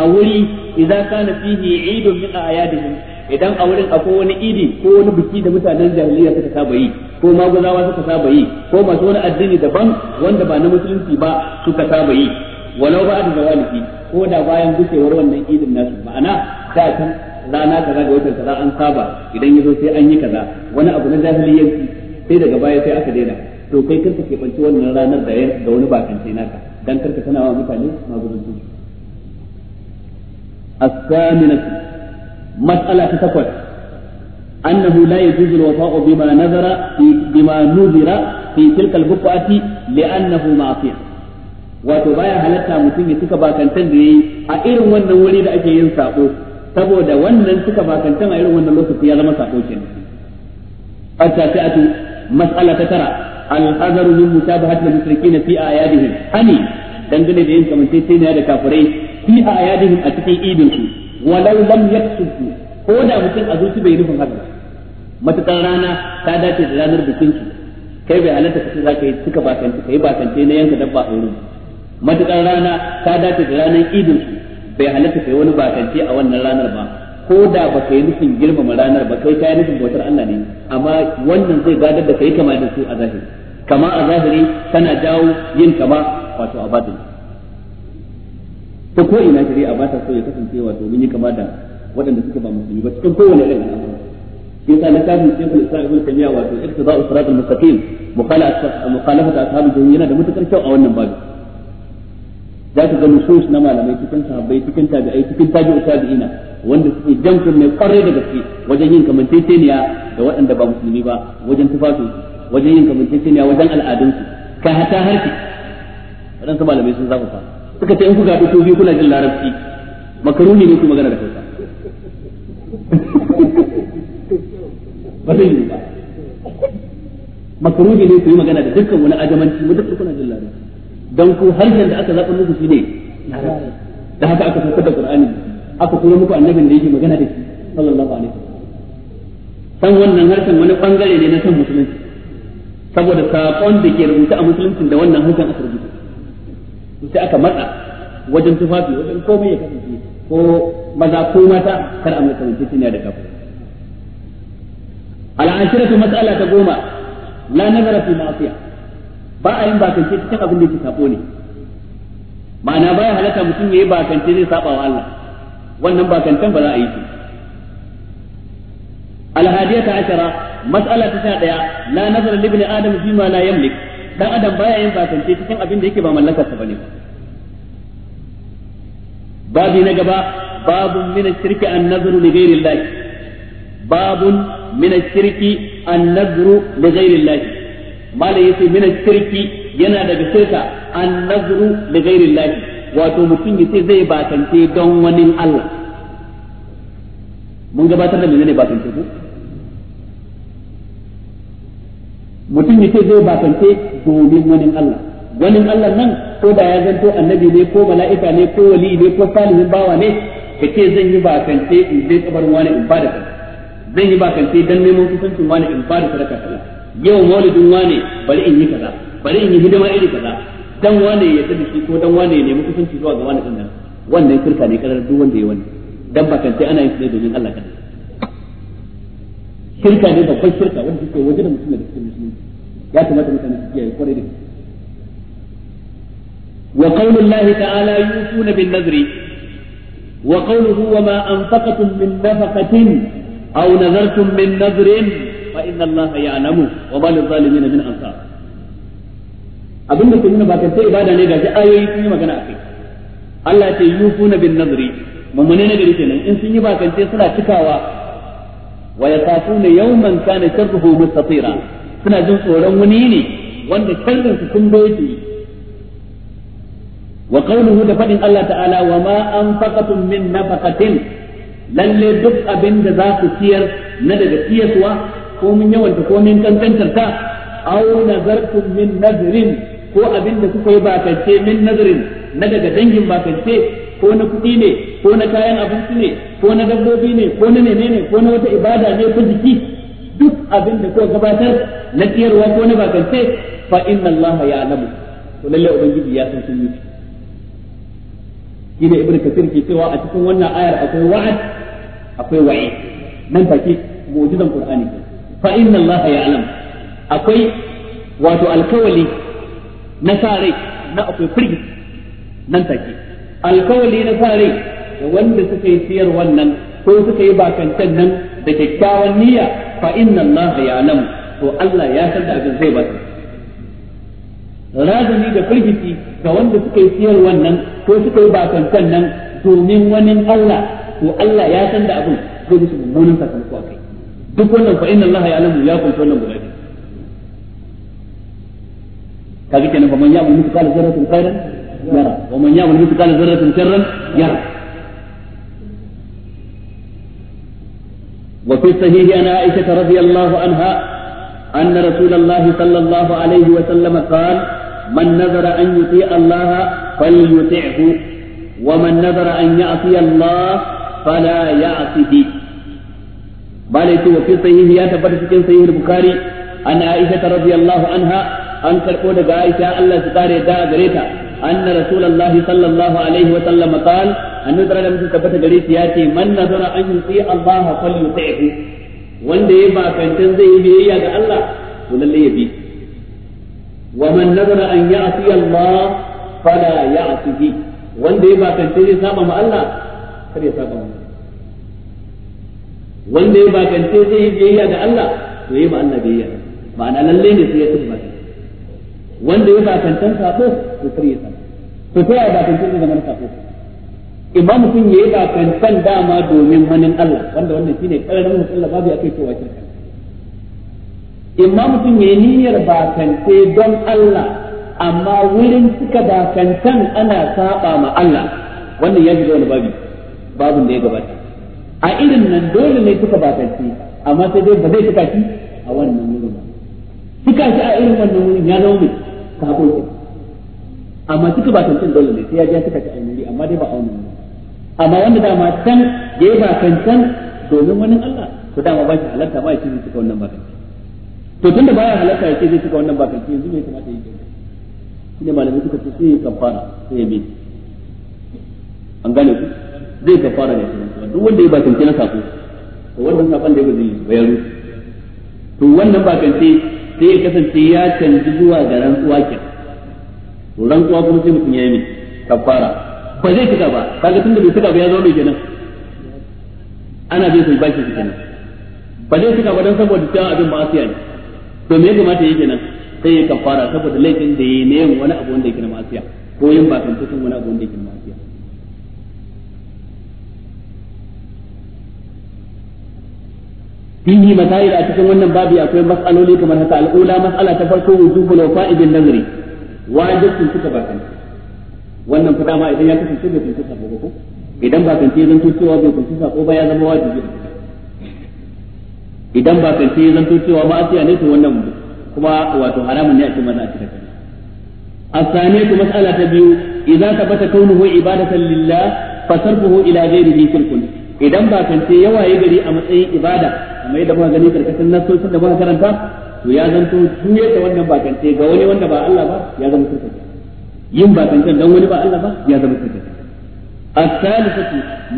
a wuri idan kana fihi idun min ayadihim idan a wurin akwai wani idi ko wani biki da mutanen jahiliya suka saba yi ko maguzawa suka saba yi ko masu wani addini daban wanda ba na musulunci ba suka saba yi walau ba da zawalifi ko da bayan gushewar wannan idin nasu ma'ana da kan rana kaza ga watan kaza an saba idan yazo sai an yi kaza wani abu na jahiliyyanci sai daga baya sai aka daina to kai kanka ke banci wannan ranar da da wani bakance naka dan karka tana wa mutane magudunci as-saminatu mas'ala ta takwas annahu la yajuzu al-wafa'u bima nazara bima nuzira fi tilka al-buqati li'annahu ma'siyah wato baya halatta mutum ya cika bakantan da yayi a irin wannan wuri da ake yin sako saboda wannan suka bakantan a irin wannan lokaci ya zama sako kenan a ta'atu mas'ala ta tara al-hadaru min mutabahati al-mushrikeena fi yadihin hani dangane da yin kamanceceniya da kafurai fi yadihin a cikin idin su walau lam yaksubu ko da mutum a zuci bai nufin haka matukar rana ta dace da ranar bikin su kai bai halatta kace za ka yi suka bakance kai bakance na yanka dabba a wurin matukar rana ta dace da ranar idin su bai halatta kai wani bakanci a wannan ranar ba ko da ba kai nufin girmama ranar ba kai kai nufin bautar Allah ne amma wannan zai gadar da kai kama da su a zahiri kama a zahiri kana jawo yin kama wato a batin ta ko ina shari'a ba ta so ya kasance wato mun yi kama da waɗanda suka ba musulmi ba cikin kowane irin al'amura yasa na kafin shekul islam ibn taymiya wato iqtida'u siratal mustaqim mukhalafat mukhalafat jahil yana da mutakar kyau a wannan babu za ka ga nusus na malamai cikin sahabbai cikin tabi'ai cikin tabi'u tabi'ina wanda suke jan mai kwarai da gaske wajen yin kamanceceniya da waɗanda ba musulmi ba wajen tufafin wajen yin kamanceceniya wajen al'adunsu ka hata harki waɗansu malamai sun zafafa suka ce in ku gaɗu ko biyu kuna jin larabci makaruni ne ku magana da kansa
ba zai yi ba makaruni ne ku yi magana da
dukkan wani ajamanci mu duk kuna jin larabci dan ku harshen da aka zaɓa muku shi ne da haka aka saukar da Qur'ani aka kuma muku annabin da yake magana da shi sallallahu alaihi wasallam san wannan harshen wani bangare ne na san musulunci saboda saƙon da ke rubuta a musuluncin da wannan harshen aka rubuta sai aka matsa wajen tufafi wajen komai ya kasance ko maza ko mata kar a mai kamance shi ne da kafa al'ashiratu mas'ala ta goma la nazara fi ma'asiya ba a yin bakance cikin abin da ke sabo ne ma'ana baya halatta mutum ya yayi bakance zai saba wa Allah wannan bakantan ba za a yi shi alhadiyata ashara mas'ala ta 11 la nazara li ibni adam fi ma la yamlik dan adam baya yin bakance cikin abin da yake ba mallakar sa bane babi na gaba babu min ash-shirki an nazaru li ghayri Allah babun min ash-shirki an nazaru li ghayri Allah mala ce mina shirki yana daga sirka an nazuru da gairin lafi wato mutum ce zai batance don wani Allah mun gabatar da ne batance ku mutum ce zai batance domin wani Allah wani Allah nan ko da ya zanto annabi ne ko mala'ika ne ko wali ne ko salihin bawa ne ce zan yi batance in zai tsabar wani in ba da zan yi batance dan neman kusancin wani in ba da sadaka sallah yau maulidin wane bari in yi kaza bari in yi hidima iri kaza dan wane ya tafi shi ko dan wane ya nemi kusanci zuwa ga wani din nan wannan kirka ne karar duk wanda ya wani dan ba sai ana yin sai domin Allah kan kirka ne babban kirka wanda take waje da mutum da cikin musulunci ya kamata mutane su kiyaye kwarai da wa qaulullahi ta'ala yusuna bin nazri wa qawluhu wa ma anfaqatum min nafaqatin aw nazartum min nazrin fa inna allaha ya'lamu wa ma min ansar ba ibada ne ga ayoyi sun yi magana akai Allah ya ce yufuna bin nazri mamane ne gari kenan in sun yi bakance suna cikawa wa yaqafuna yawman kana sharruhu mustatira suna jin tsoron wani ne wanda sharrin su sun doke wa qawluhu da fadin Allah ta'ala wa ma anfaqatum min nafaqatin lalle duk abin da za ku ciyar na daga ciyarwa Ko komin yawan ko mun kankantar ta aw nazartum min nazrin ko abin da kuka yi bakance min nazrin na daga dangin bakance ko na kuɗi ne ko na kayan abinci ne ko na dabbobi ne ko na menene ko na wata ibada ne ko jiki duk abin da kuka gabatar na tiyarwa ko na bakance fa inna allaha ya'lamu to lalle ubangiji ya san sun yi ibnu kathir ke cewa a cikin wannan ayar akwai wa'ad akwai wa'i nan take mu'jizan qur'ani fa inna allaha ya'lam akwai wato alkawali na sa rai na akwai firgi nan take alkawali na sa rai da wanda suka yi siyar wannan ko suka yi bakantan nan da kyakkyawan niyya fa inna allaha ya'lam to Allah ya san da abin zai ba su razumi da firgiti ga wanda suka yi siyar wannan ko suka yi bakantan nan domin wani Allah to Allah ya san da abin zai musu mummunan sakamako a kai duk wannan fa inna allaha ya'lamu ya kunta wannan guda biyu kaga kenan fa man ya'mal mithqala dharratin khairan yara wa man ya'mal mithqala dharratin sharran yara وفي الصحيح عن عائشة رضي الله عنها أن رسول الله صلى الله عليه وسلم قال من نذر أن يطيع الله فليطعه ومن نذر أن يعصي الله فلا يعصه Ba yace wa fi sahihi ya tabbata cikin sahih bukhari an aisha radiyallahu anha an karɓo daga aisha Allah su kare da gare ta anna rasulullahi sallallahu alaihi wa sallam qal annu tara da mutum tabbata gare shi ya ce man nazara an yuti Allah falyuti'hu wanda ya bakantan zai yi biyayya ga Allah to lalle ya bi wa man nazara an ya'ti Allah fala ya'tihi wanda ya bakantan zai saba ma Allah kada ya saba ma wanda ya bagance zai yi biyayya da Allah to yi ba Allah biyayya ma'ana lalle ne sai ya tafi ba wanda ya bakantan sako to kar ya sako to ta yaya bakantan zai zama sako imam mutum ya yi bakantan dama domin manin Allah wanda wannan shine kararin musulma babu ya kai cewa shirka imam mutum ya niyyar bakance don Allah amma wurin cika bakantan ana saba ma Allah wannan ya da wani babi babun da ya gabata a irin nan dole ne suka bakance amma sai dai ba zai tuka shi a wannan wurin ba tuka shi a irin wannan wurin ya zama mai sabo ke amma suka bakance dole ne sai ya ji tuka shi a wuri amma dai ba a wannan amma wanda dama can ya yi bakancan domin wani Allah to dama ba shi halatta ba shi zai suka wannan bakance to tunda ya halatta ya ce zai suka wannan bakance yanzu me kamata ya yi ne malamai suka ce sai ya kafara sai ya bi an gane ku zai kafara ne duk wanda ya bakance na sako to wannan sakon da ya zai bayaru to wannan bakance sai ya kasance ya canji zuwa ga rantsuwa ke to rantsuwa kuma sai mutum ya yi kafara ba zai tuka ba kaga tunda bai tuka ba ya zo mai kenan ana bin sai bakin kenan ba zai tuka ba dan saboda cewa abin ba asiya ne to me ya kamata yake nan sai ya kafara saboda laifin da yayi ne wani abu wanda yake na masiya ko yin bakance kan wani abu wanda yake na masiya fihi masail a cikin wannan babi akwai mas'aloli kamar haka al'ula mas'ala ta farko wujubul wafa'idin nazari wajibin suka bakan wannan fada ma idan ya kasance bai kunshi sako ko idan ba kance zan to cewa bai kunshi sako ba ya zama wajibi idan ba kance zan to cewa ma asiya ne to wannan kuma wato haramun ne a الثانية مسألة تبيو إذا ثبت كونه عبادة لله فصرفه إلى غيره شرك إذا ما كان yawa ya gari a matsayin ibada. kamar yadda muka gani karkashin nasosin da muka karanta to ya zanto juyar da wannan bakance ga wani wanda ba Allah ba ya zama shirka yin bakancen dan wani ba Allah ba ya zama shirka الثالثة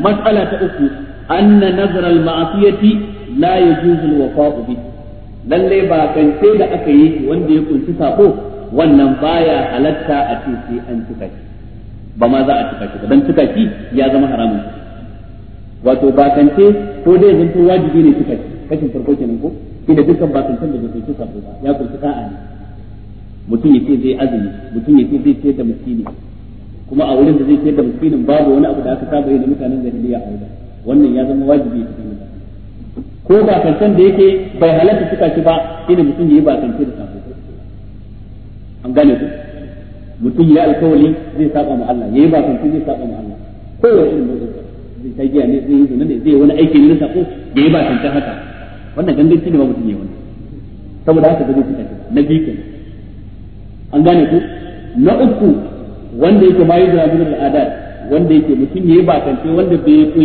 مسألة أخرى أن نظر المعصية لا يجوز الوفاء به lallai ba kance da aka yi wanda ya kunshi sako wannan baya halatta a ce an cika ba ma za a cika ba dan ya zama haramun wato dai wajibi ne kashin farko kenan ko inda dukkan batuntan da zai kusa ba ya kusa ka'a ne mutum ya ce zai azumi mutum ya ce zai ce da miskini kuma a wurin da zai ce da miskinin babu wani abu da aka saba yi da mutanen jahiliya a wurin wannan ya zama wajibi ya cikin ko ba kancan da yake bai halatta suka ci ba shine mutum yayi ba kance da sako an gane ku mutum ya alkawali zai saba ma Allah yayi ba kance zai saba ma Allah ko wani irin mutum zai ta giya ne zai yi zuna ne zai wani aiki ne na sako yayi ba kance haka wannan shi ne babu mutum ya wannan saboda haka zai fita na biyu an gane ku na uku wanda yake mayu da abin al'ada wanda yake mutum yayi ba kance wanda bai da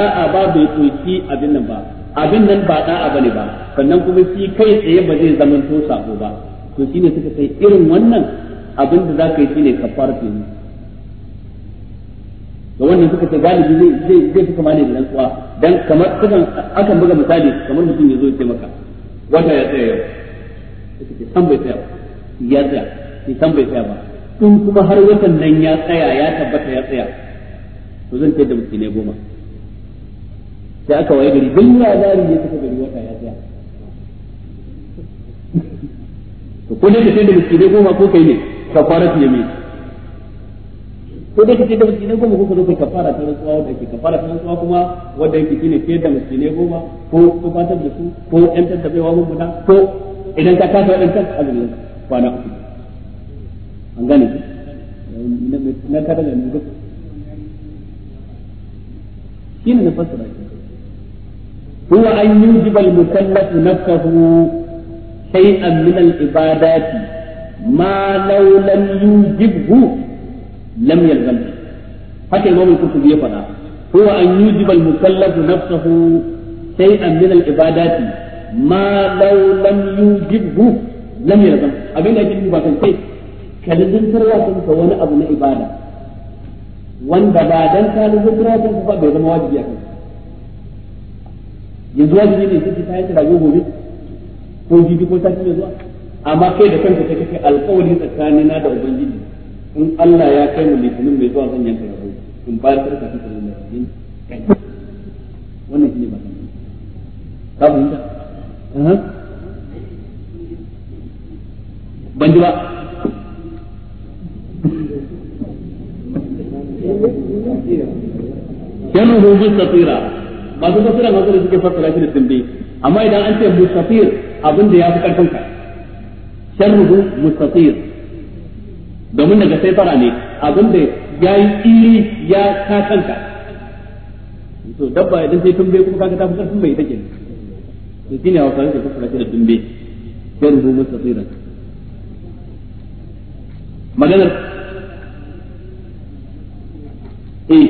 da'a ba bai koyi abin nan ba abin nan ba da'a bane ba sannan kuma shi kai tsaye ba zai zama to sako ba to shine suka kai irin wannan abin da zaka yi shine kafaratu ne da wannan suka ce galibi zai zai zai fi kama ne da rantsuwa dan kamar sukan akan buga misali kamar mutum ya zo ya ce maka wata ya tsaya yau kace san bai tsaya ya tsaya ki san bai tsaya ba in kuma har watan nan ya tsaya ya tabbata ya tsaya to zan tayar da ne goma sai aka waye gari bin ya zari ya tafi gari wata ya tsaya to ko ne ka tayar da miskinai goma ko kai ne ka fara su yamin ko dai kace da miskinai goma ko ka kai kafara ta rantsuwa wanda yake kafara ta rantsuwa kuma wanda yake shine ke da miskinai goma ko ko fatar da su ko yan tattabewa goma ko idan ka kasa wadannan azumin kwana uku an gane na kada da mu shine na fassara shi هو أن يوجب المكلف نفسه شيئا من العبادات ما لو لم يوجبه لم يلزم haka imam al ya faɗa huwa an yujiba al-mukallafu nafsahu shay'an min al-ibadati ma law lam yujibhu lam yalzam abin da yake ba kan sai ka lizintarwa kanka wani abu na ibada wanda ba dan yanzu ne sai ta yi gobe ko jibi ko sati mai zuwa amma kai da kanka sai kake alƙawari tsakanina da ubangiji in Allah ya kai mu litinin mai zuwa zan yanka rago in ba ta ta tsare mai yin wannan shine ba ta ka fahimta eh ban ji ba yanu hu bi safira masu fasira masu da suke fasara shi da tumbi amma idan an ce mustafir abin da ya fi karfin ka sharruhu mustafir domin daga sai fara ne abin da ya yi tsiri ya ta kanka to dabba idan sai tumbe kuma kaga ta fi karfin bai take to shine a wasan da kuma da tumbe sai rubu masa tsira maganar eh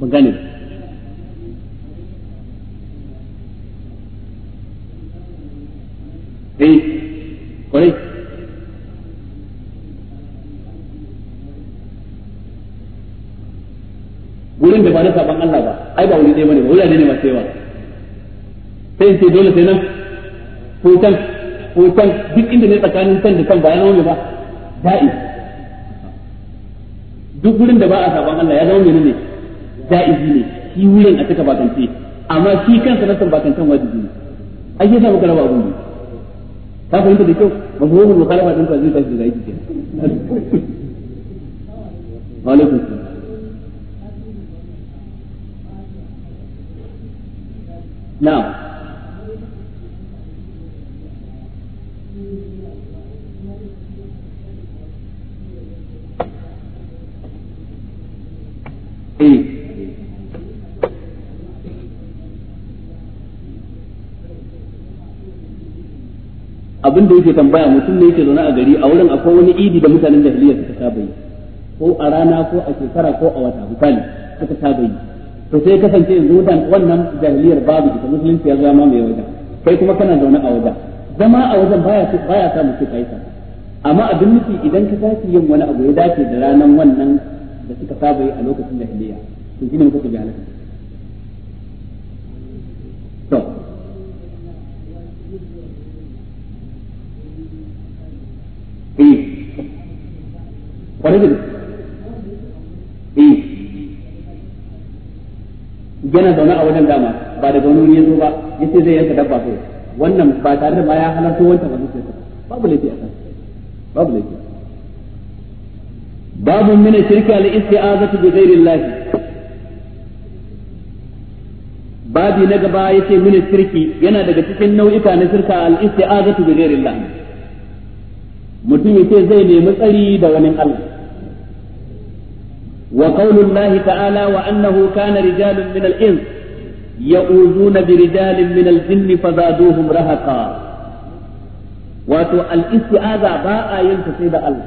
maganar eh wurin da ba na saban Allah ba ai ba wuri ɗaya bane wurare ne masu yawa sai ce dole sai nan ko can ko can duk inda ne tsakanin can da kan ba yana zama ba da'i duk wurin da ba a saban Allah ya zama ne da'izi ne shi wurin a cika bakance amma shi kansa na san bakantan wajibi ne ai yasa muka raba abun ne ka fahimta da kyau ba mu mu mukhalafa din ta zai tashi da aiki kenan wa alaikum نعم abin da yake tambaya mutum ne yake zaune a gari a wurin akwai wani idi da mutanen jahiliya suka saba yi ko a rana ko a shekara ko a wata misali suka saba yi to sai kasance yanzu wannan jahiliyar babu da musulunci ya zama mai wajen kai kuma kana zaune a wajen zama a wajen baya baya sa mutum kai amma abin nufi idan ka tashi yin wani abu ya dace da ranan wannan da suka saba yi a lokacin jahiliya to shine muka ji halaka to eh kwarai da yana zaune a wajen dama ba daga wani wuri ya zo ba ce zai yanka dabba sai wannan ba tare da ba ya halarta wanta ba sai babu laifi a kan babu laifi babu min shirka li isti'azatu bi ghairi llahi babi na gaba yace min shirki yana daga cikin nau'ika na shirka al isti'azatu bi ghairi llahi mutum yace zai nemi tsari da wani Allah وقول الله تعالى وأنه كان رجال من الإنس يؤوذون برجال من الجن فزادوهم رهقا wato al-isti'aza ba a yin sai da Allah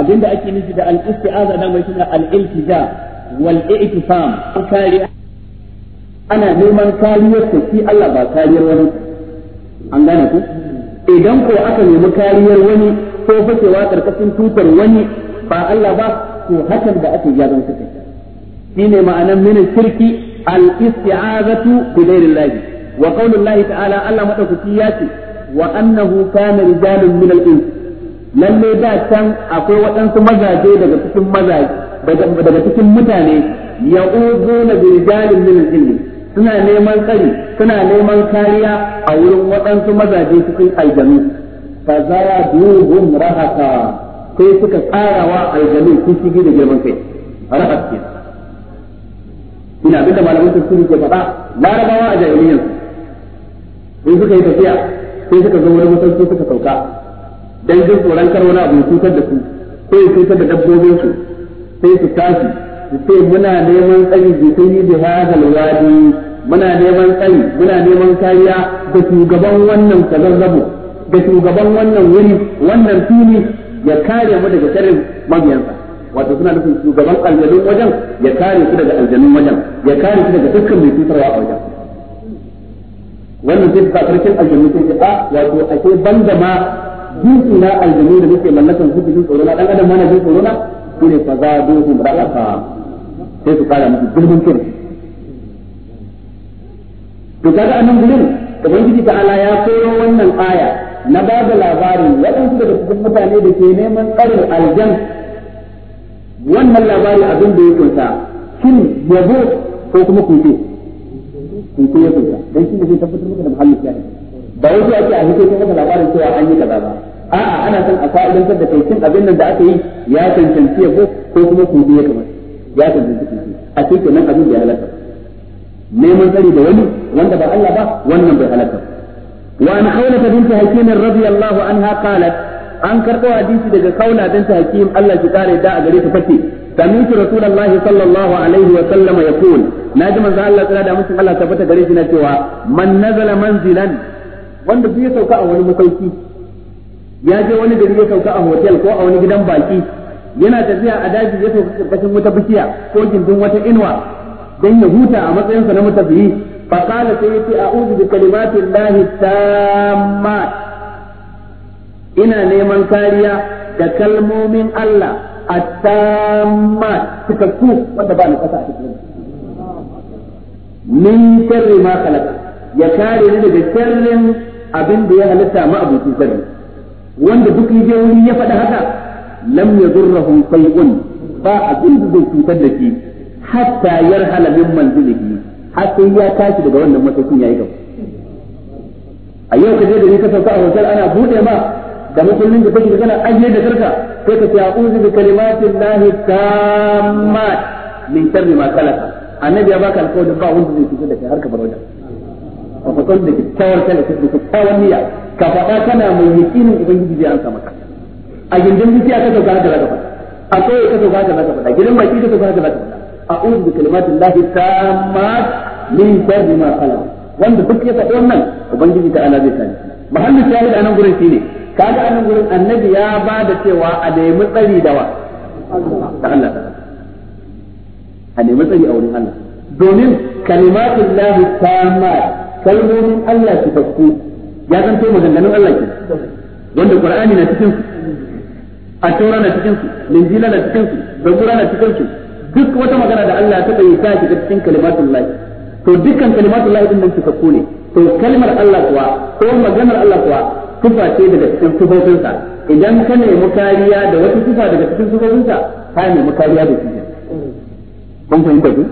abinda ake nufi da al-isti'aza da mai suna al-iltija wal i'tisam kariya ana neman kariyar ta shi Allah ba kariyar wani an gane ku idan ko aka nemi kariyar wani ko fashewa karkashin tutar wani ba Allah ba to hakan da ake ya zama shine ma'anan min shirki al-isti'azatu bi ghairillah wa qaulullahi ta'ala Allah madaukaki ya ce wa annahu kana rijalun min al-ins lalle da can akwai waɗansu mazaje daga cikin mazaje daga cikin mutane ya'uduna bi rijalin min al-ins suna neman tsari suna neman kariya a wurin waɗansu mazaje cikin aljanu fa zara duhum rahaka sai suka tsarawa aljamin sun shige da girman kai rabat ke ina abinda malamin tafsiri ke faɗa larabawa a jahiliyyar in suka yi tafiya sai suka zo wani masauki suka sauka dan jin tsoron kar wani abu cutar da su sai ya cutar da dabbobin su sai su tashi su ce muna neman tsayi jikini da hadal wadi muna neman tsayi muna neman kariya da shugaban wannan kazarrabu da shugaban wannan wuri wannan fili ya kare mu daga sharrin mabiyansa wato suna nufin shugaban aljanun wajen ya kare su daga aljanun wajen ya kare su daga dukkan mai cutarwa a wajen wannan zai ka sarkin aljanun sai a ah, wato ake banda ma jinsi na aljanu da nake mallakan su cikin tsoro na dan adam mana cikin tsoro na ne fa za duhum ra'asa sai su kara musu girman kai to kaga anan gurin ubangiji ta ala ya koyo wannan aya na ba da labarin waɗansu daga cikin mutane da ke neman ƙarin aljan wannan labari abin da ya kunsa shin yabo ko kuma kunce kunce ya kunsa don shi da shi tabbatar maka da muhallin ya ba wai ake a hito kuma labarin cewa an yi kaza ba a'a ana son a fa'idantar da kai shin abin nan da aka yi ya cancanci yabo ko kuma kunce ya kamar ya cancanci kunce a cikin nan abin da ya halatta neman tsari da wani wanda ba Allah ba wannan bai halatta ba وعن خولة بنت حكيم رضي an عنها قالت an karɓo hadisi daga kauna ta hakim Allah ki kare da a gare ta fati sami'tu rasulullahi sallallahu alaihi wa sallama yaqul naji manzo Allah tsara da mutum Allah tabbata gare shi na cewa man nazala manzilan wanda duk ya sauka a wani masauki ya je wani gari ya sauka a hotel ko a wani gidan baki yana tafiya a daji ya sauka karkashin wuta bishiya ko gindin wata inuwa dan ya huta a matsayinsa na mutafiyi فقال سيدي أعوذ بكلمات الله التامات إنا نيمان كاريا تكلموا من الله التامات تككوك وتبان قطع من شر ما خلق ya kare ni da sharrin abin da ya halitta ma abokin sharri wanda duk yaje wuri ya faɗi haka lam yadurruhu shay'un ba abin cutar da shi hatta yarhala min har sai ya tashi daga wannan masaukin yayi gaba a yau ka je da ni ka sauka a hotel ana bude ma da mukullin da take kana ayyar da karka sai ka ce a'udhu bi kalimatin lahi tamma min sharri ma khalaqa annabi ya baka alƙawarin ba wanda zai cutar da kai har ka bar wajen ka faɗa da kyakkyawar kana ki kyakkyawar niyya ka faɗa kana mai yakinin ubangiji zai ansa maka a gindin biki ka sauka haka zaka faɗa a tsaye ka sauka haka zaka faɗa gidan baki ka sauka haka zaka faɗa a'udhu bi kalimatin lahi tamma min sharri ma khalaq wanda duk ya faɗi wannan ubangiji ta ala zai kare mahallin shahid anan gurin shine kaga anan gurin annabi ya ba da cewa a nemi tsari da wa da Allah a nemi tsari a wurin Allah domin kalimatullahi tamma kalmomin Allah su fakku ya zanto maganganun Allah ke wanda qur'ani na cikin su a taura na cikin su linjila na cikin su zabura na cikin su duk wata magana da Allah ta bai ta shiga cikin kalimatullahi to dukkan kalimatun Allah din nan suka kone to kalmar Allah kuwa ko maganar Allah kuwa tufa ce daga cikin tufofinsa idan ka ne kariya da wata tufa daga cikin tufofinsa ka ne kariya da shi kun fahimta ku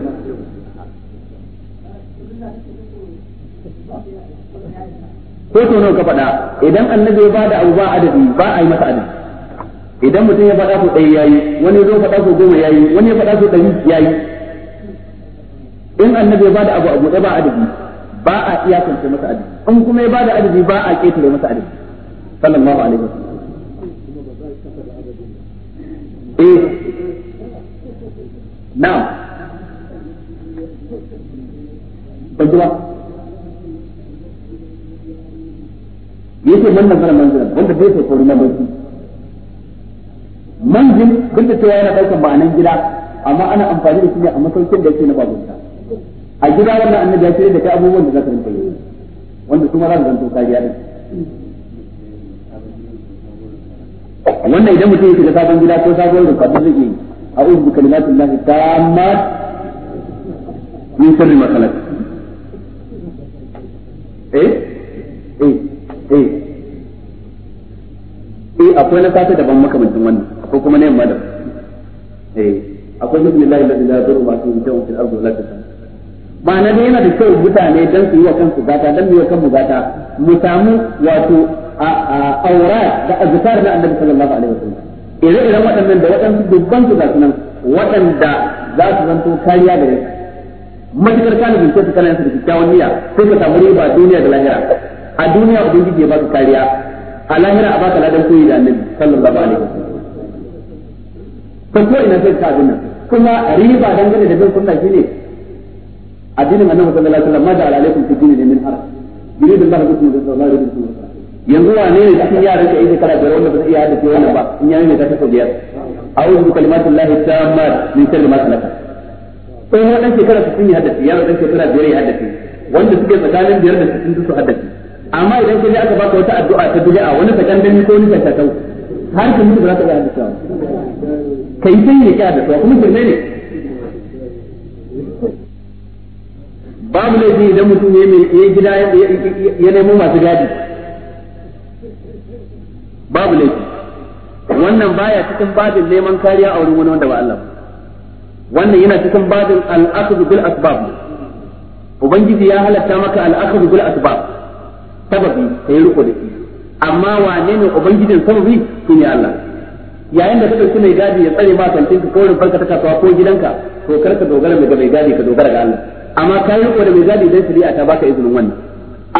ko to nawa ka faɗa idan annabi ya bada abu ba adadi ba a yi
masa adadi idan mutum ya faɗa ko ɗaya yayi wani ya zo faɗa ko goma yayi wani ya faɗa ko ɗari yayi in annabi ya bada abu a buɗe ba adabi ba a iya kance masa adabi in kuma ya bada adabi ba a ketare masa adabi sallallahu alaihi wasallam
eh na'am
ba yake manna nazara manzilan wanda bai sai kori bauti manzil duk da cewa yana daukan ba'anan gida amma ana amfani da shi ne a masaukin da yake na babunta a gida wannan annabi ya shirya da kai abubuwan da za ka rinka yi wanda kuma za ka zanto kariya din wannan idan mutum ya shiga sabon gida ko sabon rufa duk zai yi a uzu kalimatun ta tammat min sirri makalak eh eh eh eh akwai na safe daban makamancin wannan akwai kuma na yamma da eh akwai bismillahi alladhi la yadurru ma'a ismihi shay'un fil ardi wa la ma'ana dai yana da kyau mutane dan su yi wa kansu gata dan yi wa kanmu gata mu samu wato a aura da azkar na annabi sallallahu alaihi wasallam ire-iren waɗannan da waɗansu dubban su ga nan waɗanda za su zanto kariya da su matukar ka na bincike kana yin kyakkyawan niyya sai ka samu riba duniya da lahira a duniya ubangiji ya baka kariya a lahira a baka ladan koyi da annabi sallallahu alaihi wasallam to ko ina sai ka abin nan kuma riba dangane da bin sunna shine addinin annabi sallallahu alaihi wasallam ma da alaikum fi dinin min haraj yurid Allah bikum sallallahu alaihi wasallam yanzu wane ne cikin yaran ka idan kana da wanda ba zai iya da ce wannan ba in ya ne ta kafa biyar a'udhu bi kalimatu llahi tammat min sharri ma khalaqa sai ma dan shekara 60 ya haddace yaro dan shekara biyar ya haddace wanda suke tsakanin biyar da 60 su haddace amma idan kai aka baka wata addu'a ta dubi'a wani sakan dani ko ni ta tau har ka mutu ba za ka ga haddace kai sai ne ka da kuma kirme ne babu laifi idan mutum ya yi gida ya nemo masu gadi babu laifi wannan baya cikin babin neman kariya a wurin wani wanda ba Allah wannan yana cikin babin al'akhdhu bil asbab ubangiji ya halatta maka al'akhdhu bil asbab sababi kai riko da shi amma wane ne ubangijin sababi shine Allah yayin da kake dauki gadi ya tsare ba kantin ka ko rumfarka ta kasuwa ko gidanka to karka dogara mai gadi ka dogara ga Allah amma ka yi riko da mizani dan shari'a ta baka izinin wannan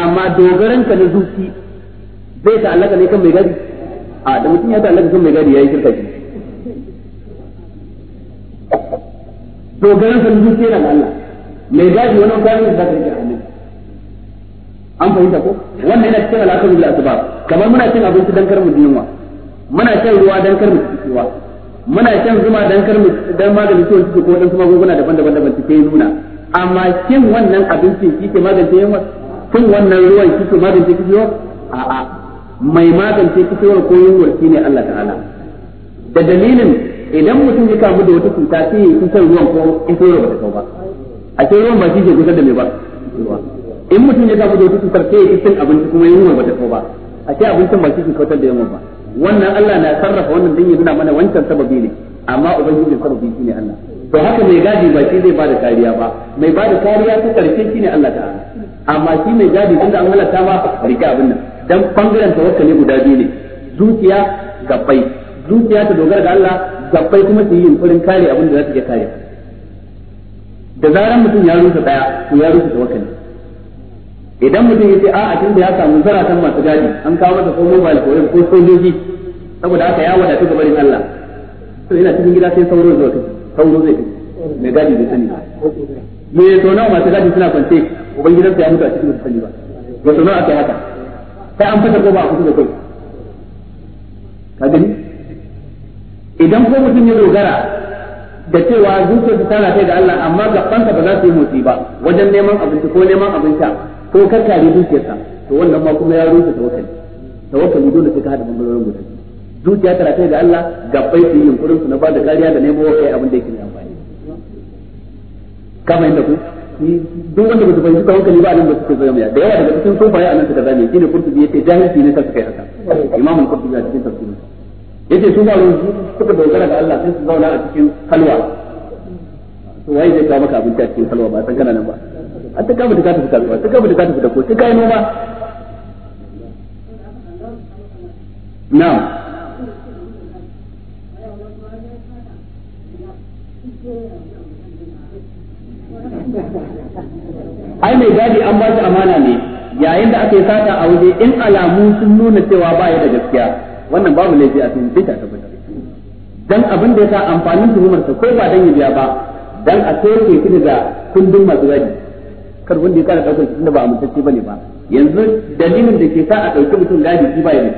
amma dogaran ka na zuci zai ta'allaka ne kan mai gadi a da mutum ya ta'allaka kan mai gadi yi shirka shi dogaran ka na zuci yana da Allah mai gadi wani kwanin da zaka yi an fahimta ko wannan yana cikin da su ba. kamar muna cin abinci dan karmu mu wa? muna shan ruwa dan karmu mu wa? muna shan zuma dan karmu mu dan maganin ciwon ciki ko dan magunguna daban-daban daban yi nuna amma kin wannan abincin shi ke magance yawan kin wannan ruwan shi ke magance a a mai magance kishiyar ko yunwar shi ne Allah ta'ala da dalilin idan mutum ya kamu da wata cuta sai ya kusa ruwan ko in ko ba ta ba a ce ruwan ba shi ke kusa da mai ba in mutum ya kamu da wata cutar sai ya kusa abinci kuma yunwar ba ta ba a ce abincin ba shi ke kautar da yunwar ba wannan Allah na sarrafa wannan dan ya nuna mana wancan sababi ne amma ubangiji sababi shi ne Allah to haka mai gadi ba shi zai bada kariya ba mai bada kariya ta karshe shine Allah ta'ala amma shi mai gadi tunda an halatta ma rike abin nan dan bangaren tawakkali guda biyu ne zuciya bai zuciya ta dogara ga Allah bai kuma su yi yunkurin kare abin da za su je kare da zaran mutum ya rusa daya to ya rusa tawakkali idan mutum yace a'a da ya samu zaratan masu gadi an kawo masa ko mobile ko sojoji saboda haka ya wadatu gaban Allah to ina cikin gida sai sauro zuwa kai sauro zai mai gadi bai sani ba me to nawa masu gadi suna kwance ubangidan sa ya mutu a cikin bai sani ba ba to nawa ta haka sai an fata ko ba a kusa da kai ka gani idan ko mutum ya dogara da cewa zuciyarsa tana kai da Allah amma gabansa ba za su yi motsi ba wajen neman abinci ko neman abinci ko karkare zuciyarsa to wannan ma kuma ya rusa tawakkali tawakkali dole sai ka hada bangarorin guda zuciya ta rataye da Allah gabbai su yi yunkurin su na ba da kariya da nemo kai abin da yake ne amfani kama inda ku duk wanda ba su fahimci ta hankali ba nan ba suke zama ya da yawa daga cikin sun a nan su suka zame shi ne kurtubi ya ce jahilci ne kanka kai haka imamun kurtubi a cikin tafsiri ya ce su ba su suka dogara ga Allah sai su zauna a cikin halwa to wai zai kawo maka abinci a cikin halwa ba san kana nan ba a ta kama da ta fi tafi kasuwa ta kama da ta fi tafi da ko sai kai noma na'am ai mai gadi an ba shi amana ne yayin da aka yi sata a waje in alamu sun nuna cewa ba ya da gaskiya wannan babu laifi a cikin ta tabbatar dan abin da yasa amfanin tuhumar sa ko ba dan ya biya ba dan a soke ki daga kundin masu gadi kar wanda ya kara daukar shi tunda ba amintacce bane ba yanzu dalilin da ke sa a dauki mutum gadi shi ba ya da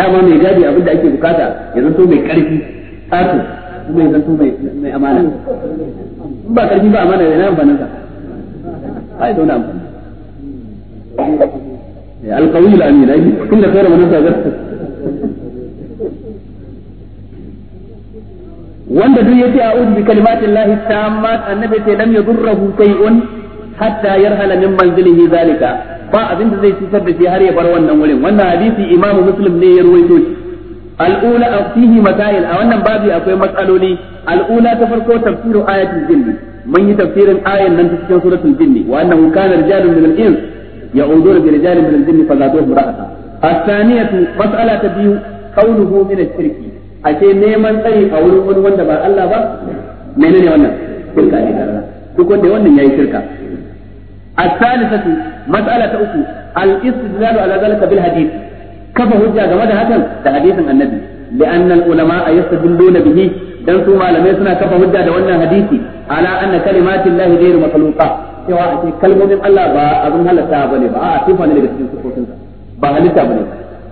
dama mai gadi abin da ake bukata yanzu to mai karfi tsato mai ya zanto mai amana in
ba karfi ba amana da ina amfanin sa ai da wani
amfani alqawi al-amin ai kullu khairu manasa nazara wanda duk a a'udhu bi kalimatin lahi tammat annabi ce lam yadurruhu shay'un hatta yarhala min manzilihi zalika ba abin da zai cutar da shi har ya bar wannan wurin wannan hadisi imamu muslim ne ya ruwaito shi al'ula fihi masail a wannan babu akwai matsaloli al'ula ta farko tafsiru ayatul jinni mun yi tafsirin ayan nan ta cikin suratul jinni wa annahu kana rijalun min al-ins ya'uduna bi rijalin min al-jinni fa zaduhum ra'asa الثانية مسألة تبيو قوله من الشرك أشي نيمان أي قول من وندا با الله با منين وانا شركة duk wanda wannan yayi shirka الثالثة مسألة أخرى الاستدلال على ذلك بالحديث kafa hujja game da hakan da hadisin annabi li'anna al-ulama yastadilluna bihi don su malamai suna kafa hujja da wannan hadisi ala anna kalimatillahi ghayru makhluqa cewa a ce kalmomin Allah ba abin halatta bane ba a sifa daga cikin sifofinsa ba halitta bane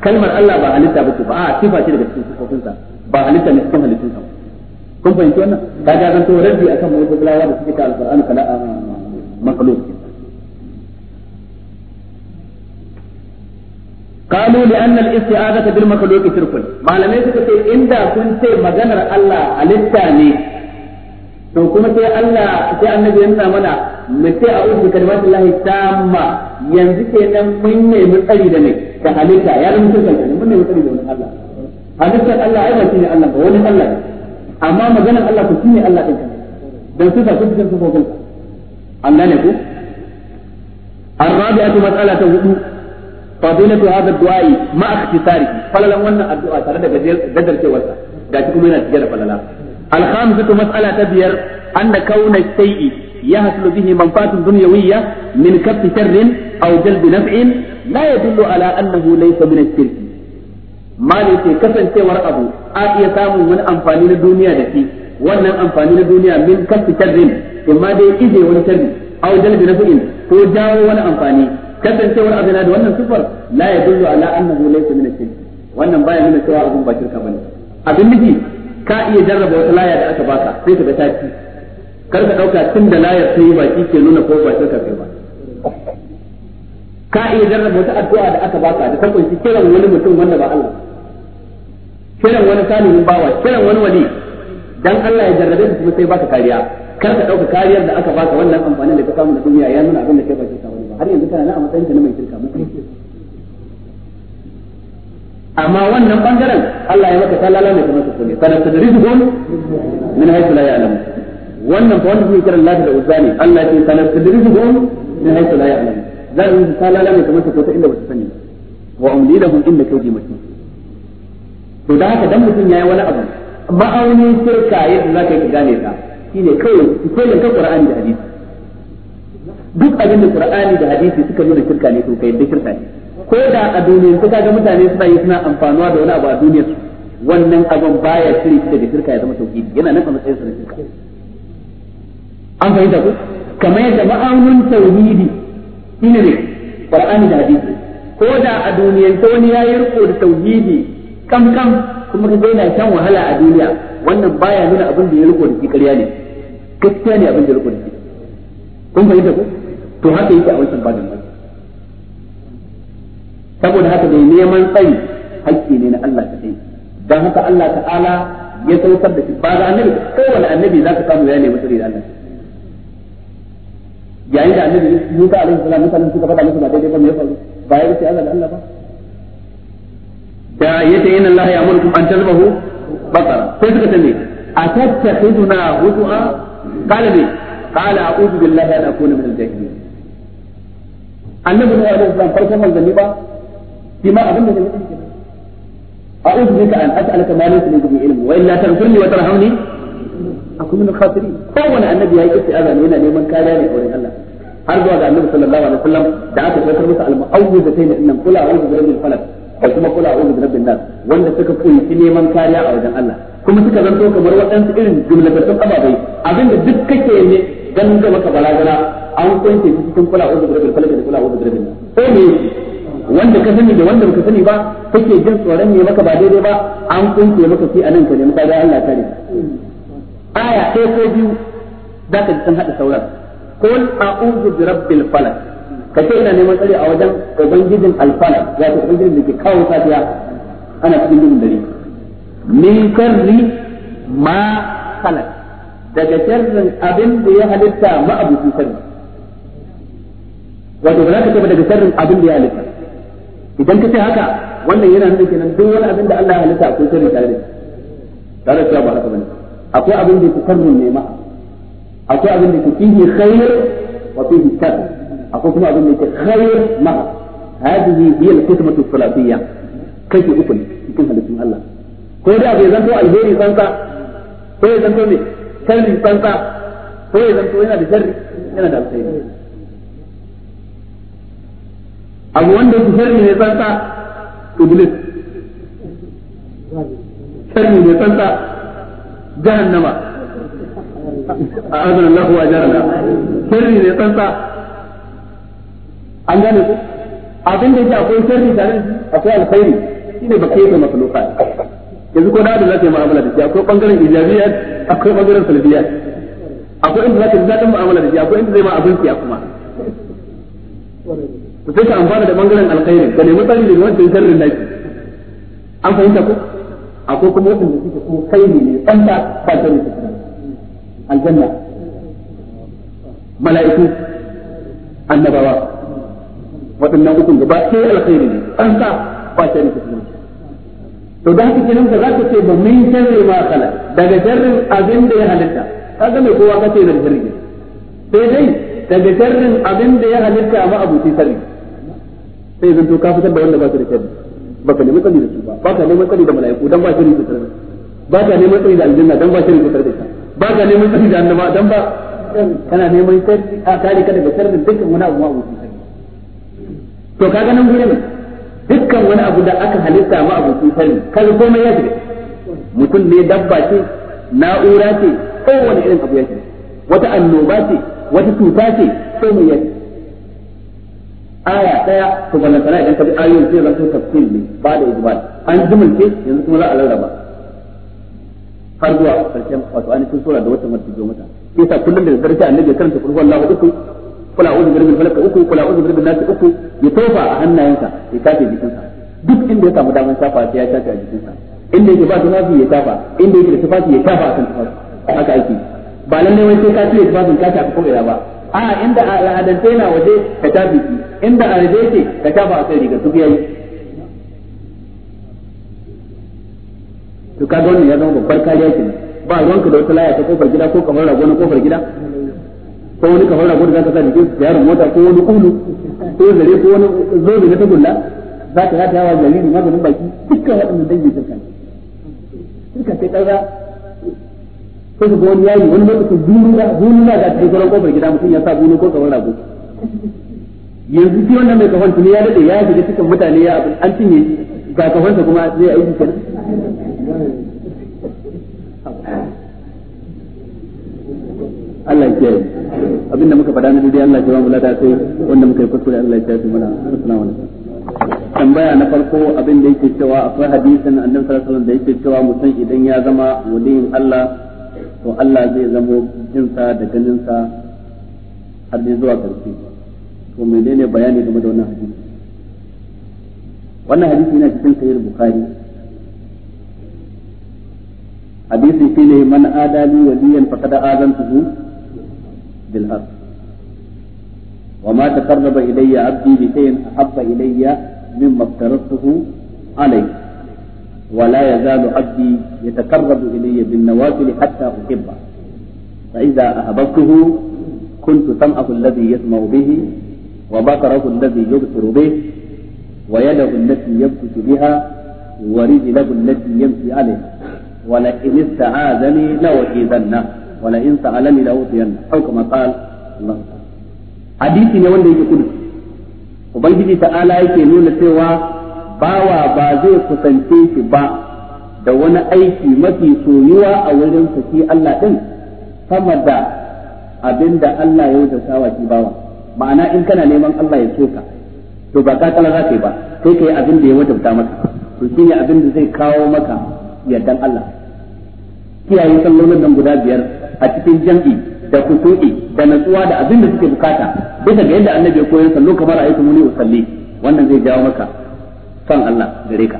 kalmar Allah ba halitta bace ba a sifa daga cikin sifofinsa ba halitta ne cikin halittunsa kun fahimci wannan kaga zan to raddi akan mu'tazilawa da suke ta alqur'ani ah, قالوا لأن الاستعاذة بالمخلوق شرك كنت الله الثاني to kuma sai Allah sai annabi mana mu ce a uzu kalimatu lahi tamma yanzu kenan mun nemi tsari da mai da halitta ya mun nemi tsari da Allah Allah ai ba Allah ba wani Allah ne amma maganar Allah ku shine Allah din su ta hudu fadilatu hadha du'a'i ma ikhtisari falalan wannan addu'a tare da gajar cewarsa gashi kuma yana cike da falala al-khamisatu mas'ala ta biyar anna kauna shay'i yahsul bihi manfaatun dunyawiyya min kaffi sharrin aw jalbi naf'in la yadullu ala annahu laysa min ash-shirk mali ce kasancewar abu a iya samun wani amfani na duniya da shi wannan amfani na duniya min kaffi sharrin amma dai ije wani sharri aw jalbi naf'in ko jawo wani amfani kasancewar abin da wannan sifar la ya dullu ala annahu laysa min shirk wannan baya nuna cewa abin ba shirka bane abin nufi ka iya jarraba wata laya da aka baka sai ka ga ta ci kar ka dauka tun da layar ta yi baki ke nuna ko ba shirka kai ba ka iya jarraba wata addu'a da aka baka da ta kunshi kiran wani mutum wanda ba Allah kiran wani salihin bawa kiran wani wali dan Allah ya jarrabe ka kuma sai baka kariya kar ka dauka kariyar da aka baka wannan amfanin da ka samu na duniya ya nuna abin da kai ba shirka har yanzu kana na a matsayin ka na mai shirka mai amma wannan bangaren Allah ya maka ta lalama kuma su ne kana tadrijuhum
min haythu la ya'lamu
wannan fa wanda suke kiran lafi da uzani Allah ya ce kana tadrijuhum min haythu la ya'lamu zan yi ta lalama kuma ta ta inda ba su sani wa umli lahum inda kawji mutum to da haka dan mutum yayi wani abu ma'aunin shirka yadda zaka yi gane ta shine kawai koyon ka Qur'ani da hadisi duk abin da qur'ani da hadisi suka nuna shirka ne to kai da shirka ne ko da a duniya ka ga mutane suna yi suna amfanuwa da wani abu a duniyar wannan abin baya shiri daga shirka ya zama tauhidi yana nan a matsayin sa shirka an fahimta ko kamar yadda ma'aunin tauhidi shine ne qur'ani da hadisi ko da a duniya ta wani yayi riko da tauhidi kam kam kuma ka yana kan wahala a duniya wannan baya nuna abin da ya riko da shi ƙarya ne gaskiya ne abin da ya riko da shi kun fahimta ko to haka yake a wancan bada mai saboda haka dai neman tsayi hakki ne na Allah ta dai dan haka Allah ta'ala ya saukar da shi ba ga annabi kowane annabi zaka samu ya nemi tsari da Allah yayin da annabi Musa alaihi salam mutanen suka faɗa masa ba daidai ba me ya faru ba ya wuce Allah da Allah ba da yace inna Allah ya'murukum an tazbahu baqara sai suka tambaye atattakhiduna hudu'a qala bi qala a'udhu billahi an akuna min al-jahilin annabi ne alaihi salam farkon manzanni ba shi ma abin da ne mutum kenan a'udhu ka an as'aluka ma laysa laka bihi ilm wa illa taghfirli wa tarhamni akun min khasirin kowane annabi ya yi istiaza ne yana neman kariya ne wurin Allah har zuwa ga annabi sallallahu alaihi wasallam da aka saukar masa al na innan kula a bi rabbil falaq da kuma kula a wani rabbin nas wanda suka kunshi neman kariya a wajen Allah kuma suka zanto kamar waɗansu irin jumlatattun ababai abinda duk kake ne dan ga maka barazana an kunce shi cikin kula uzu rabin falak da kula uzu rabin ko me wanda ka sani da wanda baka sani ba kake jin tsoron me maka ba daidai ba an kunce maka shi anan ka nemi kaga Allah kare aya ɗaya ko biyu zaka ji san hada sauran qul a'udhu bi rabbil falak ka ce ina neman tsari a wajen ubangijin alfalak ya ce ubangijin da ke kawo safiya ana cikin gudun dare min sharri ma falak daga sharrin abin da ya halitta ma abu sharri wato ba za ka ce daga sharrin abin da ya halitta idan ka ce haka wannan yana nuna kenan duk wani abin da Allah ya halitta akwai sharri tare da shi tare da ba haka bane akwai abin da ke sharrin ne akwai abin da ke fihi khair wa fihi shar akwai kuma abin da ke khair ma hadihi hiya al-qismatu as-salatiyya kake uku ne cikin halittun Allah ko da bai zanto alheri tsantsa ko ya zanto ne sharri tsantsa ko ya zanto yana da sharri yana da alheri abu wanda su sharri ne tsantsa
iblis sharri ne tsantsa jahannama a azan Allah wa jarana sharri ne tsantsa
an gane ku abin da yake akwai sharri tare da akwai alkhairi shine ba kai da makhluqat yanzu ko da da zaka mu'amala da shi akwai bangaren ijabiyat akwai bangaren salbiyat akwai inda zaka yi dadin mu'amala da shi akwai inda zai ma abin kuma to sai ka amfana da bangaren alkhairi ka nemi tsari daga wancan sharrin naki an fahimta ko akwai kuma wanda suke ko kai ne ne tsanta ba ta ne aljanna mala'iku annabawa waɗannan hukun ba sai alkhairi ne tsanta ba ta ne to da haka kenan ka za ka ce ba min sharri ma kala daga sharrin abin da ya halitta kaga mai kowa kace da sharri sai dai daga sharrin abin da ya halitta ma abuci sharri sai zanto ka fitar da wanda ba su da sharri ba ka neman tsari da su ba ba ka neman tsari da mala'iku dan ba sharri da da ba ka neman tsari da aljanna dan ba sharri da da ba ka neman tsari da annaba dan ba kana neman sharri a kare ka daga sharrin dukkan wani abu ma abuci sharri to kaga nan ne dukkan wani abu da aka halitta ma abuci sharri kaga komai ya shiga mutum ne dabba ce na'ura ce kowane irin abu ya shiga wata annoba ce wata cuta ce sai mu yi aya daya to ban sana idan ka bi ayoyin sai zan tafsir ne ba da ijmal an jumulce yanzu kuma za a rarraba har zuwa karshen wato ainihin sura da wata mutum zo mata sai sa kullum da garke annabi karanta kullu wallahu uku kula uzu birbin falaka uku kula uzu birbin nasi uku ya tofa a hannayensa ya jikin jikinsa duk inda ya samu damar safa sai ya tafe a jikinsa inda yake ba tufafi ya tafa inda yake da tufafi ya tafa akan tufafi haka ake yi ba lallai wai sai ka cire tufafin ka shafa ko ba a inda a al'adance na waje ka ta biki inda a rage ce ka shafa a kai riga su biyayi to kaga wannan ya zama babbar kariya ce ba ruwanka da wata laya ta kofar gida ko kamar rago na kofar gida ko wani kamar rago da zaka sa jikin yaron mota ko wani ulu ko zare ko wani zobe na tagulla za ka rata yawa jariri maganin baki dukkan waɗannan dangi shirka ne shirka sai ƙarra sai ka ga wani yayi wani lokaci da bulula da take sauran kofar gida mutum ya sa bulu ko kawai rago yanzu shi wannan mai kafan tuni ya dade ya shiga cikin mutane ya an cinye ga kafan sa kuma zai aiki kenan Allah ya kiyaye abinda muka faɗa na dai Allah ya ba mu lada sai wanda muka yi kuskure Allah ya kiyaye mana assalamu alaikum tambaya na farko abin da yake cewa akwai hadisin annabi sallallahu alaihi wasallam da yake cewa mutum idan ya zama wulin Allah to Allah zai zamo jinsa da ganinsa har dai zuwa ƙarfi to menene bayani game da wannan hadisi wannan hadisi yana cikin sahih bukhari hadisi shine man adali waliyan faqad azantuhu bil ma taqarraba ilayya abdi bi shay'in ahabba ilayya mimma افترضته alayhi ولا يزال عبدي يتقرب إلي بالنوافل حتى أحبه فإذا أحببته كنت سمعه الذي يسمع به وبصره الذي يبصر به ويده التي يبكت بها ورجله التي يمشي عليها ولئن استعاذني لأعيذنه ولئن سألني لأوتينه أو كما قال الله تعالى حديثي لولي يقول yake تعالى يقول ta'ala bawa ba zai kusance shi ba da wani aiki mafi soyuwa a wurin shi Allah ɗin sama da abinda Allah ya wuce sawa shi bawa ma'ana in kana neman Allah ya so ka to ba ka za ka yi ba sai ka yi abin da ya wajabta maka to ne abin da zai kawo maka yardan Allah kiyaye sallolin nan guda biyar a cikin jam'i da kusuri da natsuwa da abin da suke bukata bisa ga yadda annabi ya koyar sallo kamar a ayyukan muni usalli wannan zai jawo maka son Allah gare ka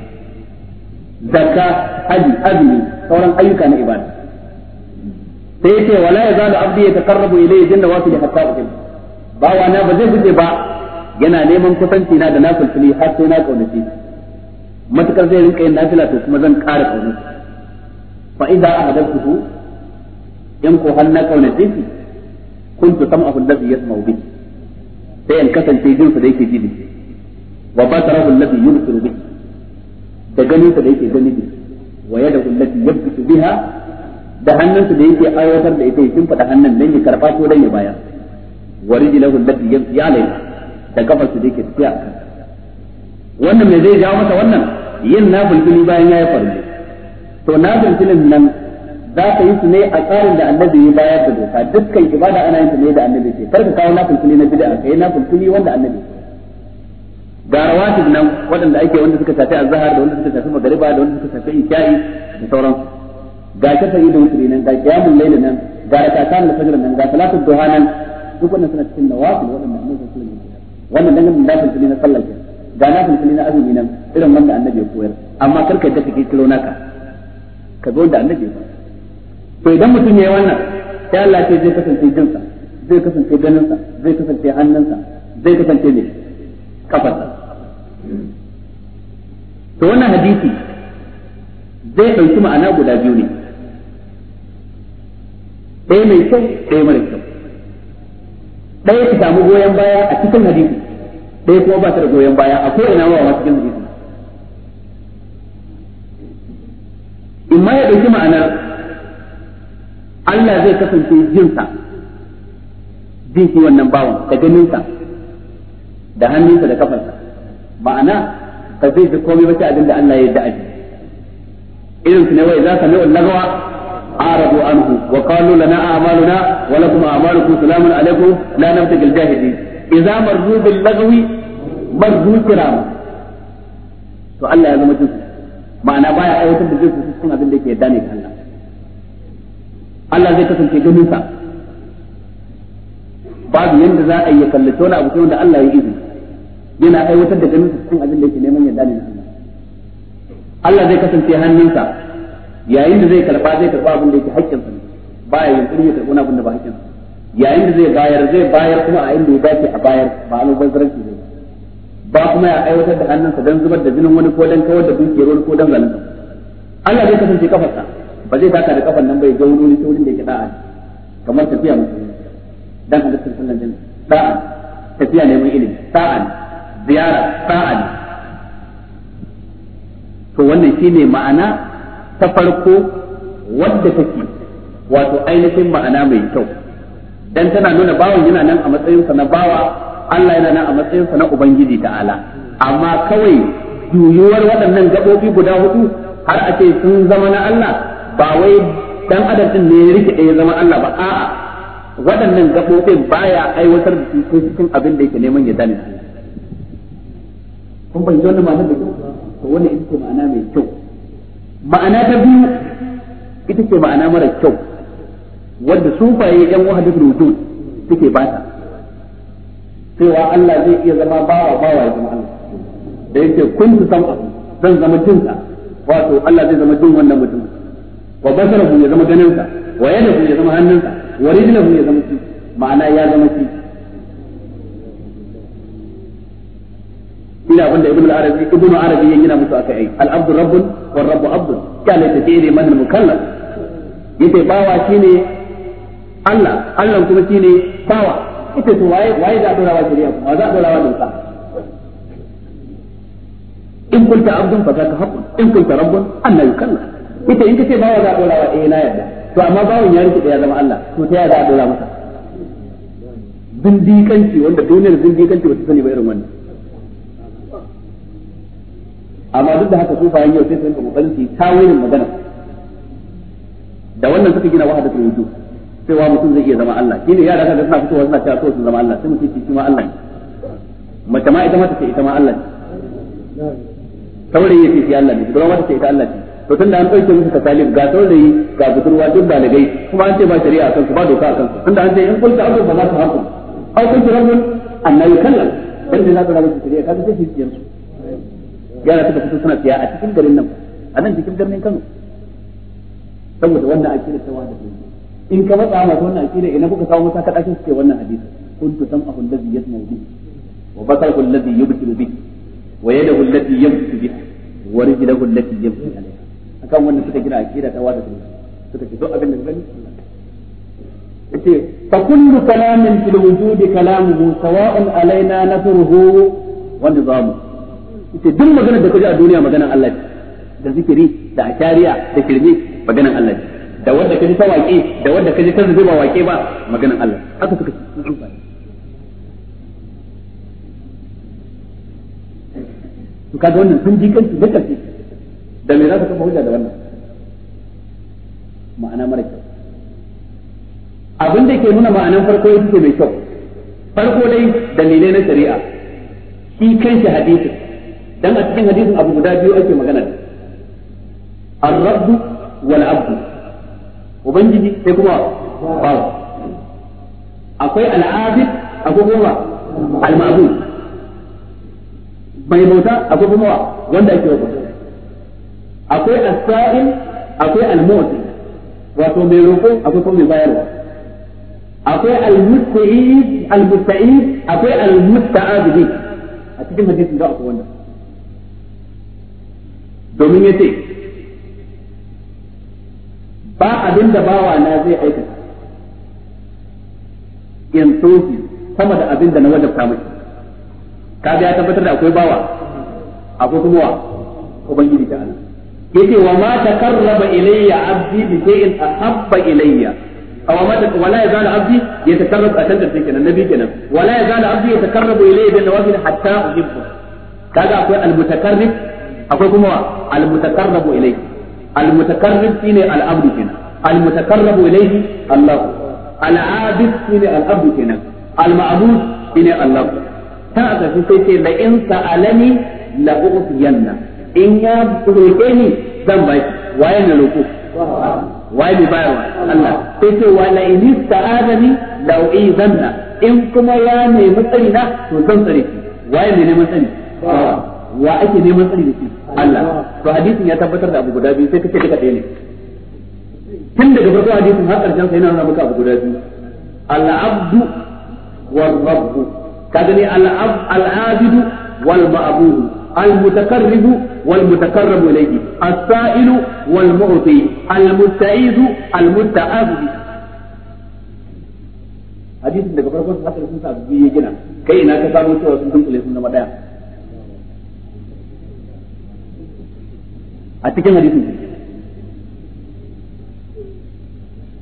zakka haji azumi sauran ayyuka na ibada sai yace wala yazalu abdi yataqarrabu ilayya jalla wa fil hatta ba wa na ba zai guje ba yana neman kusanci na da nafilfili har sai na kaunace matukar zai rinka yin nafila to kuma zan kara kaunace fa idza ahadathu in ko har na kaunace shi kuntu sam'ahu alladhi yasma'u bihi sai in kasance jinsa da yake ji da shi wa basarahu alladhi yubsiru bihi da ganin sa da yake gani da wa yadahu allati yabtu biha da hannunsa da yake aiwatar da ita yakin fada hannun dan ya karba ko dan ya bayar wa rijluhu allati yamshi alayha da kafarsa da yake tafiya wannan me zai jawo masa wannan yin nafilfili bayan ya yi farko to nafilfilin nan za ka yi su ne a tsarin da annabi ya bayar da doka dukkan ibada ana yin su ne da annabi ce kar ka kawo nafilfili na bid'a kai nafilfili wanda annabi ce ga rawatib nan waɗanda ake wanda suka shafi azhar da wanda suka shafi magariba da wanda suka shafi isha'i da sauran ga kasari da wutri nan ga qiyamul layl nan ga rakatan da fajr nan ga salatul duha nan duk wannan suna cikin nawafil waɗanda annabi sallallahu alaihi wasallam wannan dangane da nafil na sallah ke ga nafil fili na azumi nan irin wanda annabi ya koyar amma karka ka yadda kiro naka ka zo da annabi ba to idan mutum yayi wannan sai Allah ce zai kasance jinsa zai kasance ganinsa zai kasance hannunsa zai kasance ne kafarsa to wannan hadisi zai ɗauki ma'ana guda biyu ne ɗaya mai kyau ɗaya mara kyau ɗaya ta samu goyon baya a cikin hadisi ɗaya kuma ba ta da goyon baya a ko ina wasu cikin hadisi in ma ya ɗauki ma'anar
Allah zai kasance
jinsa jin shi wannan bawan da ganinsa da hannunsa da kafarsa ma'ana ba zai ji komai ba sai abin da Allah ya yi da'adi, irin su ne wai za ka mai lagawa arabu anhu wa qalu lana a a'maluna wa lakum a'malukum salamun alaikum la nabtaghi al-jahili Iza marzu bil lagawi marzu kiram to Allah ya zama jinsu ma'ana baya aiwatar da jinsu cikin abin da yake yarda ne ga Allah Allah zai kasance ganin sa babu yadda za a yi kallace wani abu sai wanda Allah ya izini yana aiwatar da ganin cikin abin da yake neman ya dalilin Allah Allah zai kasance hannunsa yayin da zai karba zai karba abin da yake haƙƙinsa ne ya yin ya karɓi abin da ba haƙƙinsa yayin da zai bayar zai bayar kuma a inda ya dace a bayar ba a mubazzaranci ne ba kuma ya aiwatar da hannunsa don zubar da jinin wani ko don kawar da dukiyar wani ko don zalunta Allah zai kasance kafarsa ba zai taka da kafan nan bai ga wuri ta wurin da yake da'a kamar tafiya musulmi dan halittar sallan jin da'a tafiya neman ilimi da'a ziyara sa'a ne to wannan ne ma'ana ta farko wadda take wato ainihin ma'ana mai kyau dan tana nuna bawan yana nan a matsayinsa na bawa Allah yana nan a matsayinsa na ubangiji ta'ala amma kawai juyuwar waɗannan gaɓoɓi guda hudu har a ce sun zama na Allah ba wai dan adam din ne ya rike ya zama Allah ba a'a waɗannan gaɓoɓin baya aiwatar da su cikin abin da yake neman ya dani kun bai wannan ma'anar da kyau to wannan ita ce ma'ana mai kyau ma'ana ta biyu ita ce ma'ana mara kyau wanda sufaye yan wahadin rudu suke bata cewa Allah zai iya zama bawa bawa ya zama Allah da yake kun su san zan zama jin sa wato Allah zai zama jin wannan mutum wa basarahu ya zama ganin sa wa yadahu ya zama hannun sa wa rijluhu ya zama shi ma'ana ya zama shi ina wanda ibn ya gina aka yi al-abdu rabbun wa rabbu abdun kana eh, ta a a dora a a wanda duniyar sani irin wannan amma duk da haka su bayan yau sai su rinka kokarin su tawayin magana da wannan suka gina wahadatul wujud wa mutum zai iya zama Allah ne yara kaga suna fitowa suna cewa so su zama Allah sai mutum shi ma Allah ne mace ma ita ma ta ce ita ma Allah ne saurayi ya ce shi Allah ne dole ma ta ce ita Allah ce to tunda an ɗauke musu takalif ga saurayi ga budurwa duk balagai kuma an ce ba shari'a a kansu ba doka a kansu tunda an ce in kulta abu ba za su haku aw kuntu rabbun annabi kallam dan da za ka rabu shari'a kaga sai shi yansu yara suka fito suna siya a cikin garin nan a nan cikin birnin Kano saboda wannan akida ta wada in ka matsa masu wannan akida ina kuka kawo masa ka dakin suke wannan hadisi kuntu sam'ahu alladhi yasma'u bihi wa basarahu alladhi yubtiru bihi wa yadahu allati yamsu bihi wa rijluhu allati yamsu alayha akan wannan suka gina akida ta wada suka ce duk abin da gani yace fa kullu kalamin fil wujudi kalamuhu sawa'un alaina nasruhu wa nizamuhu ita duk magana da kaji a duniya maganan Allah ce da zikiri da hakariya da kirmi maganan Allah ce da wanda kaji ta waƙe da wanda kaji ta zuba waƙe ba maganan Allah haka suka to kaga wannan sun ji kansu da kansu da me za ka kafa hujja da wannan ma'ana mara kyau abin da ke nuna ma'anan farko ya yake mai kyau farko dai dalilai na shari'a shi kanshi hadisi dan a cikin hadisin abu guda biyu ake magana da. ar-rabb wal abd ubangiji sai kuma bawa akwai al-abid akwai kuma al-ma'bud mai bauta akwai kuma wanda ake bauta akwai as-sa'il akwai al-mu'ti wato mai roƙo akwai kuma mai bayarwa akwai al-musta'id al-musta'id akwai al-musta'abid a cikin hadisin da akwai wannan domin ya ce ba abin da bawa na zai aikata in tofi sama da abin da na wajabta mashi kaga ya tabbatar da akwai bawa akwai kuma wa ubangiji ta Allah yake wa ma ba ilayya abdi bi shay'in ahabba ilayya aw ma wala ya yazal abdi yatakarrab atan da take nan nabi kenan wala ya yazal abdi karraba ilayya bin nawafil hatta uhibbu kaga akwai al mutakarrib akwai kuma al-mutakarrabu ilayhi al-mutakarrib shine al-abdu kenan al-mutakarrabu ilayhi Allah al-abid shine al-abdu kenan al-ma'bud shine Allah ta aka shi sai ce la in sa'alani la u'tiyanna in ya roke ni zan ba shi waye na roko waye ne bayarwa Allah sai ce wa la in sa'adani la u'izanna in kuma ya nemi tsari na to zan tsare shi waye ne neman tsari wa ake neman tsari da shi Allah to hadisin ya tabbatar da abu guda biyu sai kace duka ɗaya ne tun daga farko hadisin har karshen sa yana nuna maka abu guda biyu al-abdu wal rabb kaga ne al-abidu wal ma'bud al-mutakarrib wal mutakarrab ilayhi as-sa'il wal mu'ti al-musta'iz al-musta'ab hadisin daga farko sa karshen sa abu biyu ya gina kai ina ka samu cewa sun dunkule sun zama daya a cikin hadisin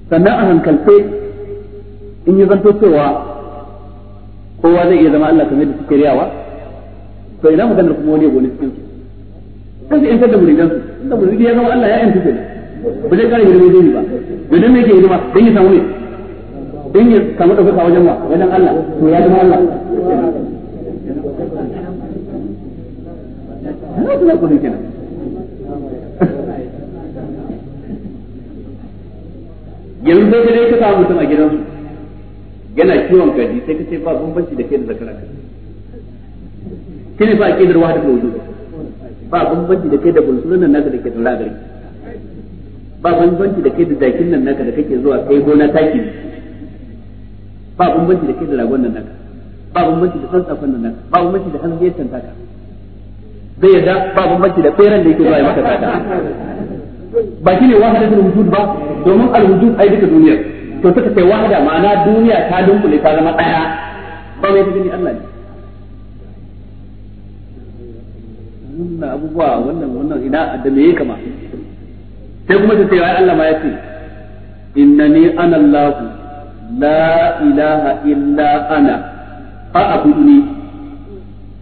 sannan a hankalce in yi zanto cewa kowa zai iya zama Allah kamar da suke riyawa to ina maganar kuma wani yabo ne cikin su kansu su kada muridan muridansu inda muridi ya zama Allah ya yanta su ba zai kare girma dole ba idan me yake hidima don yi samu ne don yi samu dauka wajen wa wajen Allah to ya zama Allah Allah ya kula kenan yanzu sai ka dai ka samu mutum a gidansu yana kiwon gaji sai ka ce ba bambanci da kai da zakara ka kine ba aqidar wahda da wujud ba bambanci da kai da bulsunan nan naka da ke tsara gari ba bambanci da kai da dakin nan naka da kake zuwa kai gona taki ba bambanci da kai da ragon nan naka ba bambanci da tsantsafan nan naka ba bambanci da hanziyar tantaka zai yadda ba bambanci da tseren da yake zuwa maka tsada ba shine da wujud ba domin al wujud ai duka duniya to suka ce wahada ma'ana duniya ta dunkule ta zama daya ba mai gani Allah ne wannan abubuwa wannan wannan ina da me kama sai kuma ta ce ai Allah ma ya ce innani ana Allah la ilaha illa ana abudni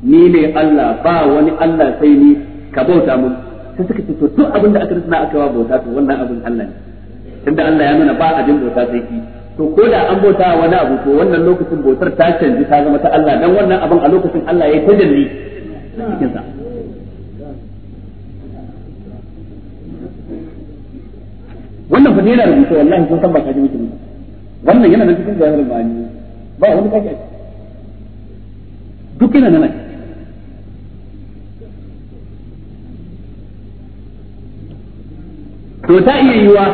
ni ne Allah ba wani Allah sai ni ka bauta mun sai suka ce to duk abin da aka rusuna aka ba bauta to wannan abin Allah ne inda Allah ya nuna ba abin bauta sai ki to ko da an bauta wani abu to wannan lokacin bautar ta canji ta zama ta Allah dan wannan abin a lokacin Allah ya tajalli cikin sa wannan fa yana rubuta wallahi kun san ba ka ji mutum wannan yana da cikin zahirin ma'ani ba wani kake duk yana nan to ta iya yiwa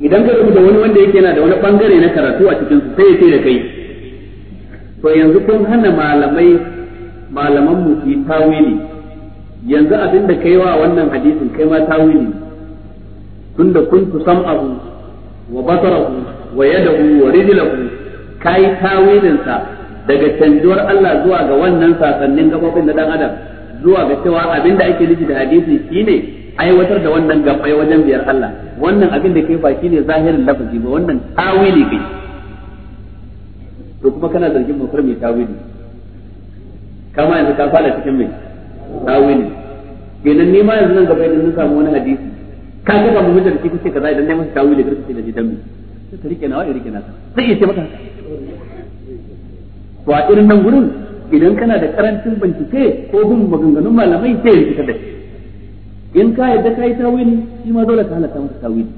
idan ka da wani wanda yake yana da wani bangare na karatu a cikin sai ya ce da kai to yanzu kun hana malamai malaman mu su tawili yanzu abin da kai wa wannan hadisin kai ma tawili tunda kuntu sam'ahu wa basarahu wa yadahu wa rijlahu kai tawilin sa daga canjuwar Allah zuwa ga wannan sasannin gabobin da dan adam zuwa ga cewa abin da ake nufi da hadisi shine aiwatar da wannan gabbai wajen biyar Allah wannan abin da kai ba shine zahirin lafazi ba wannan tawili kai to kuma kana zargin mutum mai tawili kama yanzu ka fara cikin mai tawili kenan ni ma yanzu nan gaba idan nuka samu wani hadisi ka ga mu mutum ki kace kaza idan nayi masa tawili kar kace da jidan mi ta ka rike nawa rike na sai yace maka to a irin nan gurin idan kana da karancin bincike ko bin maganganun malamai sai ya fitar da shi in ka yadda ka yi tawili shi ma dole ka halatta masa tawili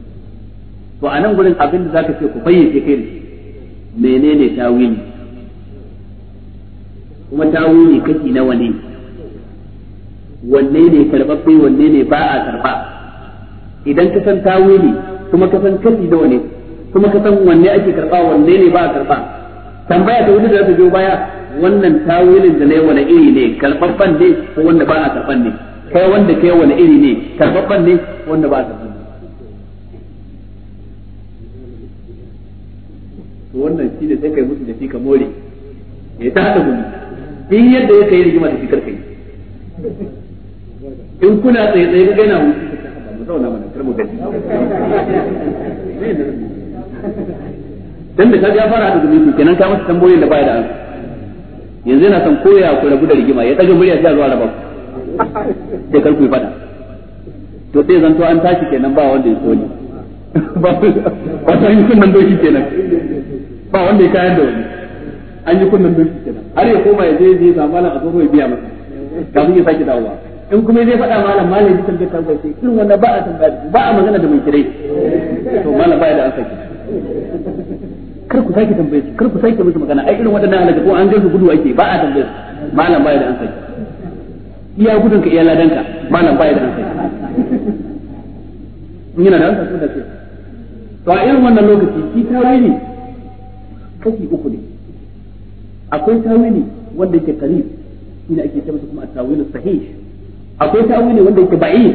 to a nan gurin abin da zaka ce ku fayyace kai da menene tawili kuma tawili kashi nawa ne wanne ne karbabbe wanne ne ba a karba idan ka san tawili kuma ka san kashi nawa ne kuma ka san wanne ake karba wanne ne ba a karba tambaya ta wuce da ta biyo baya wannan tawilin da na yi wani iri ne karbabban ne ko wanda ba a karban ne kai wanda kai wani iri ne karɓaɓɓen ne wanda ba zuwa to wannan shi da sai kai musu da ka more ya ta haɗa gudu in yadda ya kai rigima da shi in kuna tsaye tsaye kaga yana wuce mu mana kar mu dan da kaga ya fara da gumi kenan ka masa tambayoyin da baya da an yanzu yana son koya ku rabu da rigima ya daga murya sai a zo a
sai
kar ku yi fada to sai zanto an tashi kenan ba wanda ya tsoni ba wato an yi kunnan doki
kenan ba wanda ya kayar da wani
an yi kunnan doki kenan har ya koma ya je ya samu malam a tsoho ya biya masa kafin ya sake dawowa in kuma zai faɗa malam malam ya tambaye tambaye sai irin wannan ba a tambaya ba a magana da mai kirai to malam ba ya da an sake kar ku sake tambaye kar ku sake musu magana ai irin wadannan halaka ko an gaisu gudu ake ba a tambaye malam ba ya da an sake iya gudun ka iya ladan ka malam ba da hankali in yana da hankali suna ce to a irin wannan lokaci shi tawili kashi uku ne akwai tawili wanda yake qarib ina ake ce masa kuma at-tawil sahih akwai tawili wanda yake ba'id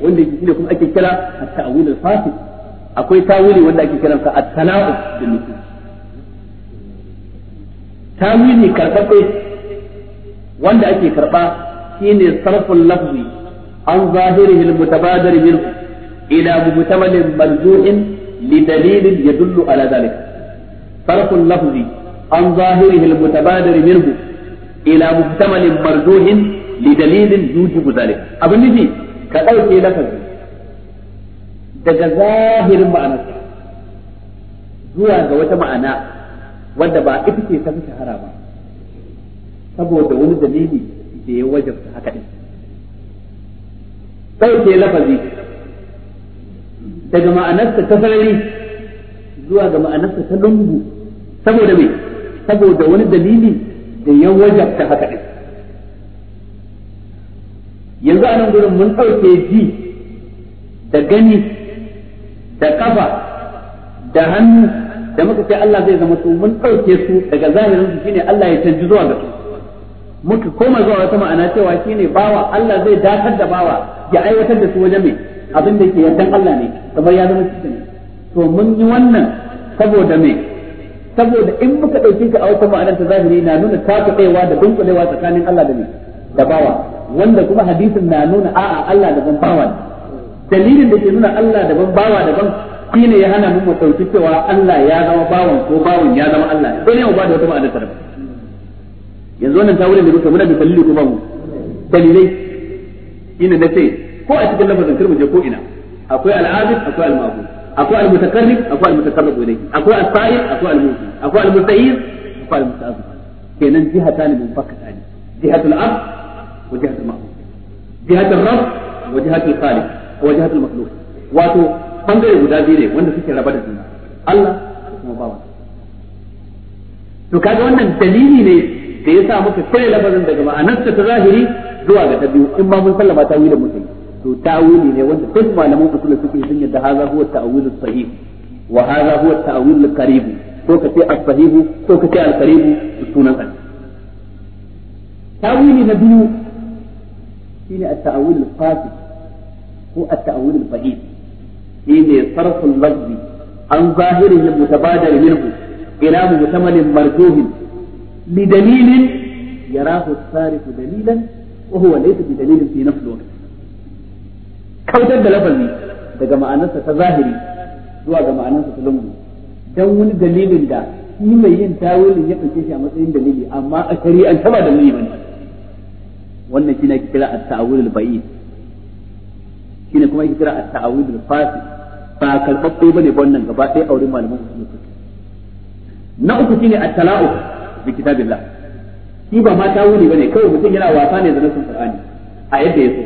wanda yake shine kuma ake kira at-tawil al-fasid akwai tawili wanda ake sa at-tala'u da nusus tawili karɓaɓɓe wanda ake karɓa shine sarful lafzi an zahirihi almutabadir minhu ila mutamalin marzu'in lidalilin yadullu ala dhalik sarful lafzi an zahirihi almutabadir minhu ila mutamalin marzu'in lidalilin yujibu dhalik abin nufi ka dauke lafazi daga zahirin ma'anarsa zuwa ga wata ma'ana wadda ba ita ce ta fi shahara ba saboda wani dalili da ya wajabta haka din ɗauke lafazi daga ma'anarsa ta sarari zuwa ga ma'anarsa ta lungu saboda me saboda wani dalili da ya wajabta haka din yanzu a nan gurin mun ɗauke ji da gani da kafa da hannu da muka ce Allah zai zama su mun ɗauke su daga zahirin su shine Allah ya canji zuwa ga su muka koma zuwa wata ma'ana cewa shine bawa Allah zai dakar da bawa ya aiwatar da su wajen mai abin da ke yardan Allah ne kamar ya zama cikin to mun yi wannan saboda me saboda in muka dauke ka a wata ma'anar ta zahiri na nuna takuɗewa da dunkulewa tsakanin Allah da ne da bawa wanda kuma hadisin na nuna a'a Allah daban bawa dalilin da ke nuna Allah da ban bawa daban shine ya hana mu mu dauki cewa Allah ya zama bawan ko bawan ya zama Allah ne dole mu ba da wata ma'anar ta yanzu wannan ta tawulin da muke muna da dalili ko ba mu dalilai ina da sai ko a cikin lafazin kirmu je ko ina akwai al'abid akwai al-ma'bud akwai al-mutakarrib akwai al-mutakarrab ilayhi akwai as-sa'id akwai al-musi akwai al-musta'id akwai al-musta'id kenan jihatan min fakatan jihatul ab wa jihatul ma'bud jihatul rabb wa jihatul khaliq wa jihatul makhluq wato bangare guda biyu ne wanda suke raba da juna Allah kuma bawa to kaga wannan dalili ne da yasa muka kure lafazin daga ma'anarsa ta zahiri zuwa ga ta biyu in ba mun sallama ta wili mutum to tawili ne wanda duk malaman usul suke sun yadda haza huwa ta'wil sahih wa haza huwa ta'wil qarib ko kace as-sahih ko kace al-qarib sunan Allah tawili na biyu shine at-ta'wil al-fasid ko at-ta'wil al-ba'id shine sarful lafzi an zahirihi al-mutabadar minhu ila mutamalin marjuhin لدليل يراه الصارف دليلا وهو ليس بدليل في نفس الوقت kautar da lafazi daga ma'anarsa ta zahiri zuwa ga ma'anarsa ta lungu don wani dalilin da shi mai yin tawilin ya ɗauke shi a matsayin dalili amma a shari'an ta ba dalili bane wannan shine ake kira at-ta'awil al-ba'id shine kuma ake kira at-ta'awil al-fasi ba karɓaɓɓe bane wannan gaba ɗaya aure malaman usul na uku ne at-tala'u bi kitabillah shi ba ma tawuri bane kawai mutum yana wasa ne da nasin qur'ani a yadda yake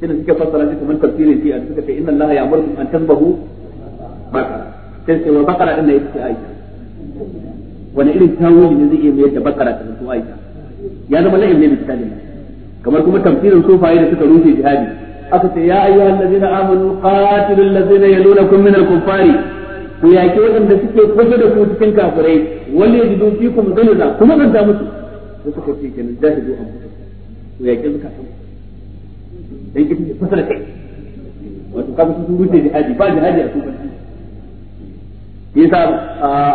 sai da suka fassara shi kamar tafsirin shi suka ce inna allaha ya'murukum an tazbahu baqara sai sai wa baqara din ne yake aisha wani irin tawuri ne zai iya mayar da baqara ta su aisha ya zama la'im ne bi kitabillah kamar kuma tafsirin sufaye da suka rushe jihadi aka ce ya ayyuhal ladina amanu qatilul waɗanda suke kusa da ku cikin wani ya jido fi kuma gani za kuma zan damu su da suka ce ke nan jido a mutu to ya ke zuka san dan ki fasa da kai wato kafa su rute jihadi ba jihadi a cikin yasa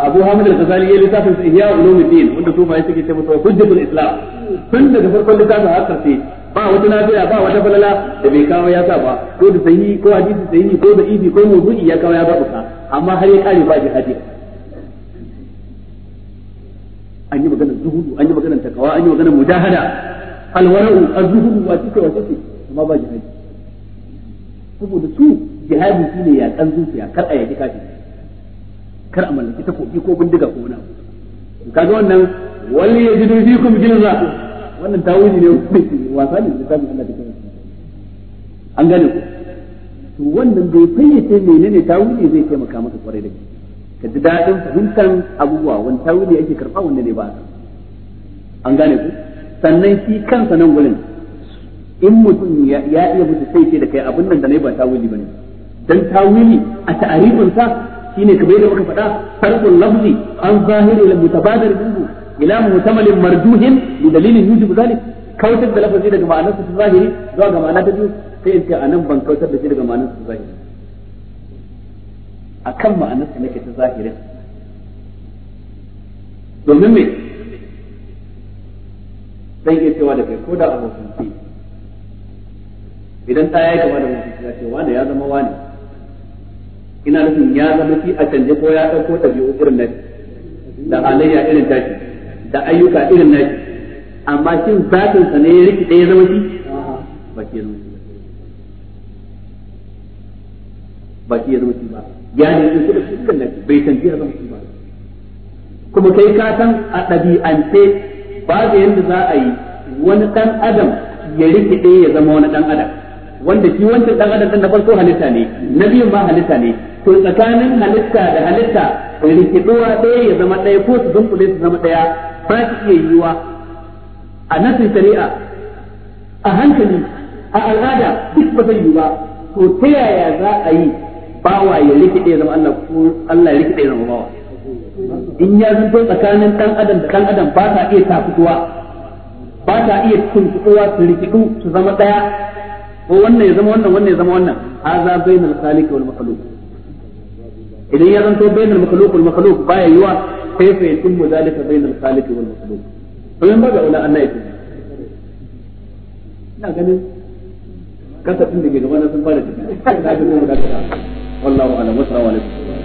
Abu hamad al-Ghazali ya littafin sa Ihya Ulumuddin wanda su mai suke taimaka masa hujjatul Islam tun daga farkon lissafin har karshe ba wata lafiya ba wata falala da bai kawo ya sa ba ko da sahihi ko hadisi sahihi ko da ibi ko mawdu'i ya kawo ya ba amma har ya kare ba jihadi an yi maganar zuhudu an yi maganar takawa an yi maganar mujahada alwara'u azhudu wa tike wa tike amma ba jihadi saboda su jihadi shine ya kan zuciya kar a yaki kafin kar a mallaki takobi ko bindiga ko wani abu kaga wannan wal yajidu fikum gilza wannan tawuni ne wasa ne da tabi Allah ta kai an gane ku to wannan bai fayyace menene tawuni zai taimaka masa kwarai da gaske ka ji daɗin fahimtar abubuwa wani ne yake karɓa wanda ne ba an gane ku sannan shi kansa nan gurin in mutum ya iya mutu sai ce da kai abin nan da na yi ba tawili ba ne dan tawili a ta'arifinsa ne kamar yadda muka faɗa farkon lafzi an zahiri da mutabadar dubu ila mutamalin marduhin da dalilin yujibu zali kautar da lafazi daga ma'anar ta zahiri zuwa ga ma'ana ta biyu sai in ce a nan ban kautar da shi daga ma'anar ta zahiri akan ma'anarsa nake ta zahirin domin me zan iya cewa da kai ko da abokan ce idan ta yi kama da mutum ya ce wani ya zama wani ina nufin ya zama shi a canje ko ya ɗauko biyu irin na da halayya irin tashi da ayyuka irin nashi amma shin sa ne ya riki ɗaya zama shi ba shi ya zama shi ba shi ya zama shi ba ya ne in da shi kan nan bai tanti a ba kuma kai ka san a ɗabi'ance da yadda za a yi wani ɗan adam ya rikide ya zama wani ɗan adam wanda shi wancan ɗan adam ɗin na farko halitta ne na biyun ma halitta ne to tsakanin halitta da halitta rikiduwa ɗaya ya zama ɗaya ko su dunkule su zama ɗaya ba su iya yiwuwa a nasin shari'a a hankali a al'ada duk ba zai yiwu ba to ta yaya za a yi bawa ya rikide zama Allah ko Allah ya rikide zama bawa in ya zanto tsakanin dan adam da dan adam ba ta iya tafutuwa ba ta iya tuntuwa su rikidu su zama daya ko wannan ya zama wannan wannan ya zama wannan haza bainal khaliq wal makhluq idan ya zanto bainal makhluq wal makhluq baya yiwa kaifa yatimmu zalika bainal khaliq wal makhluq to in baga wala annai ya ina ganin tun da ke gaba na sun fara tafiya والله اعلم والسلام عليكم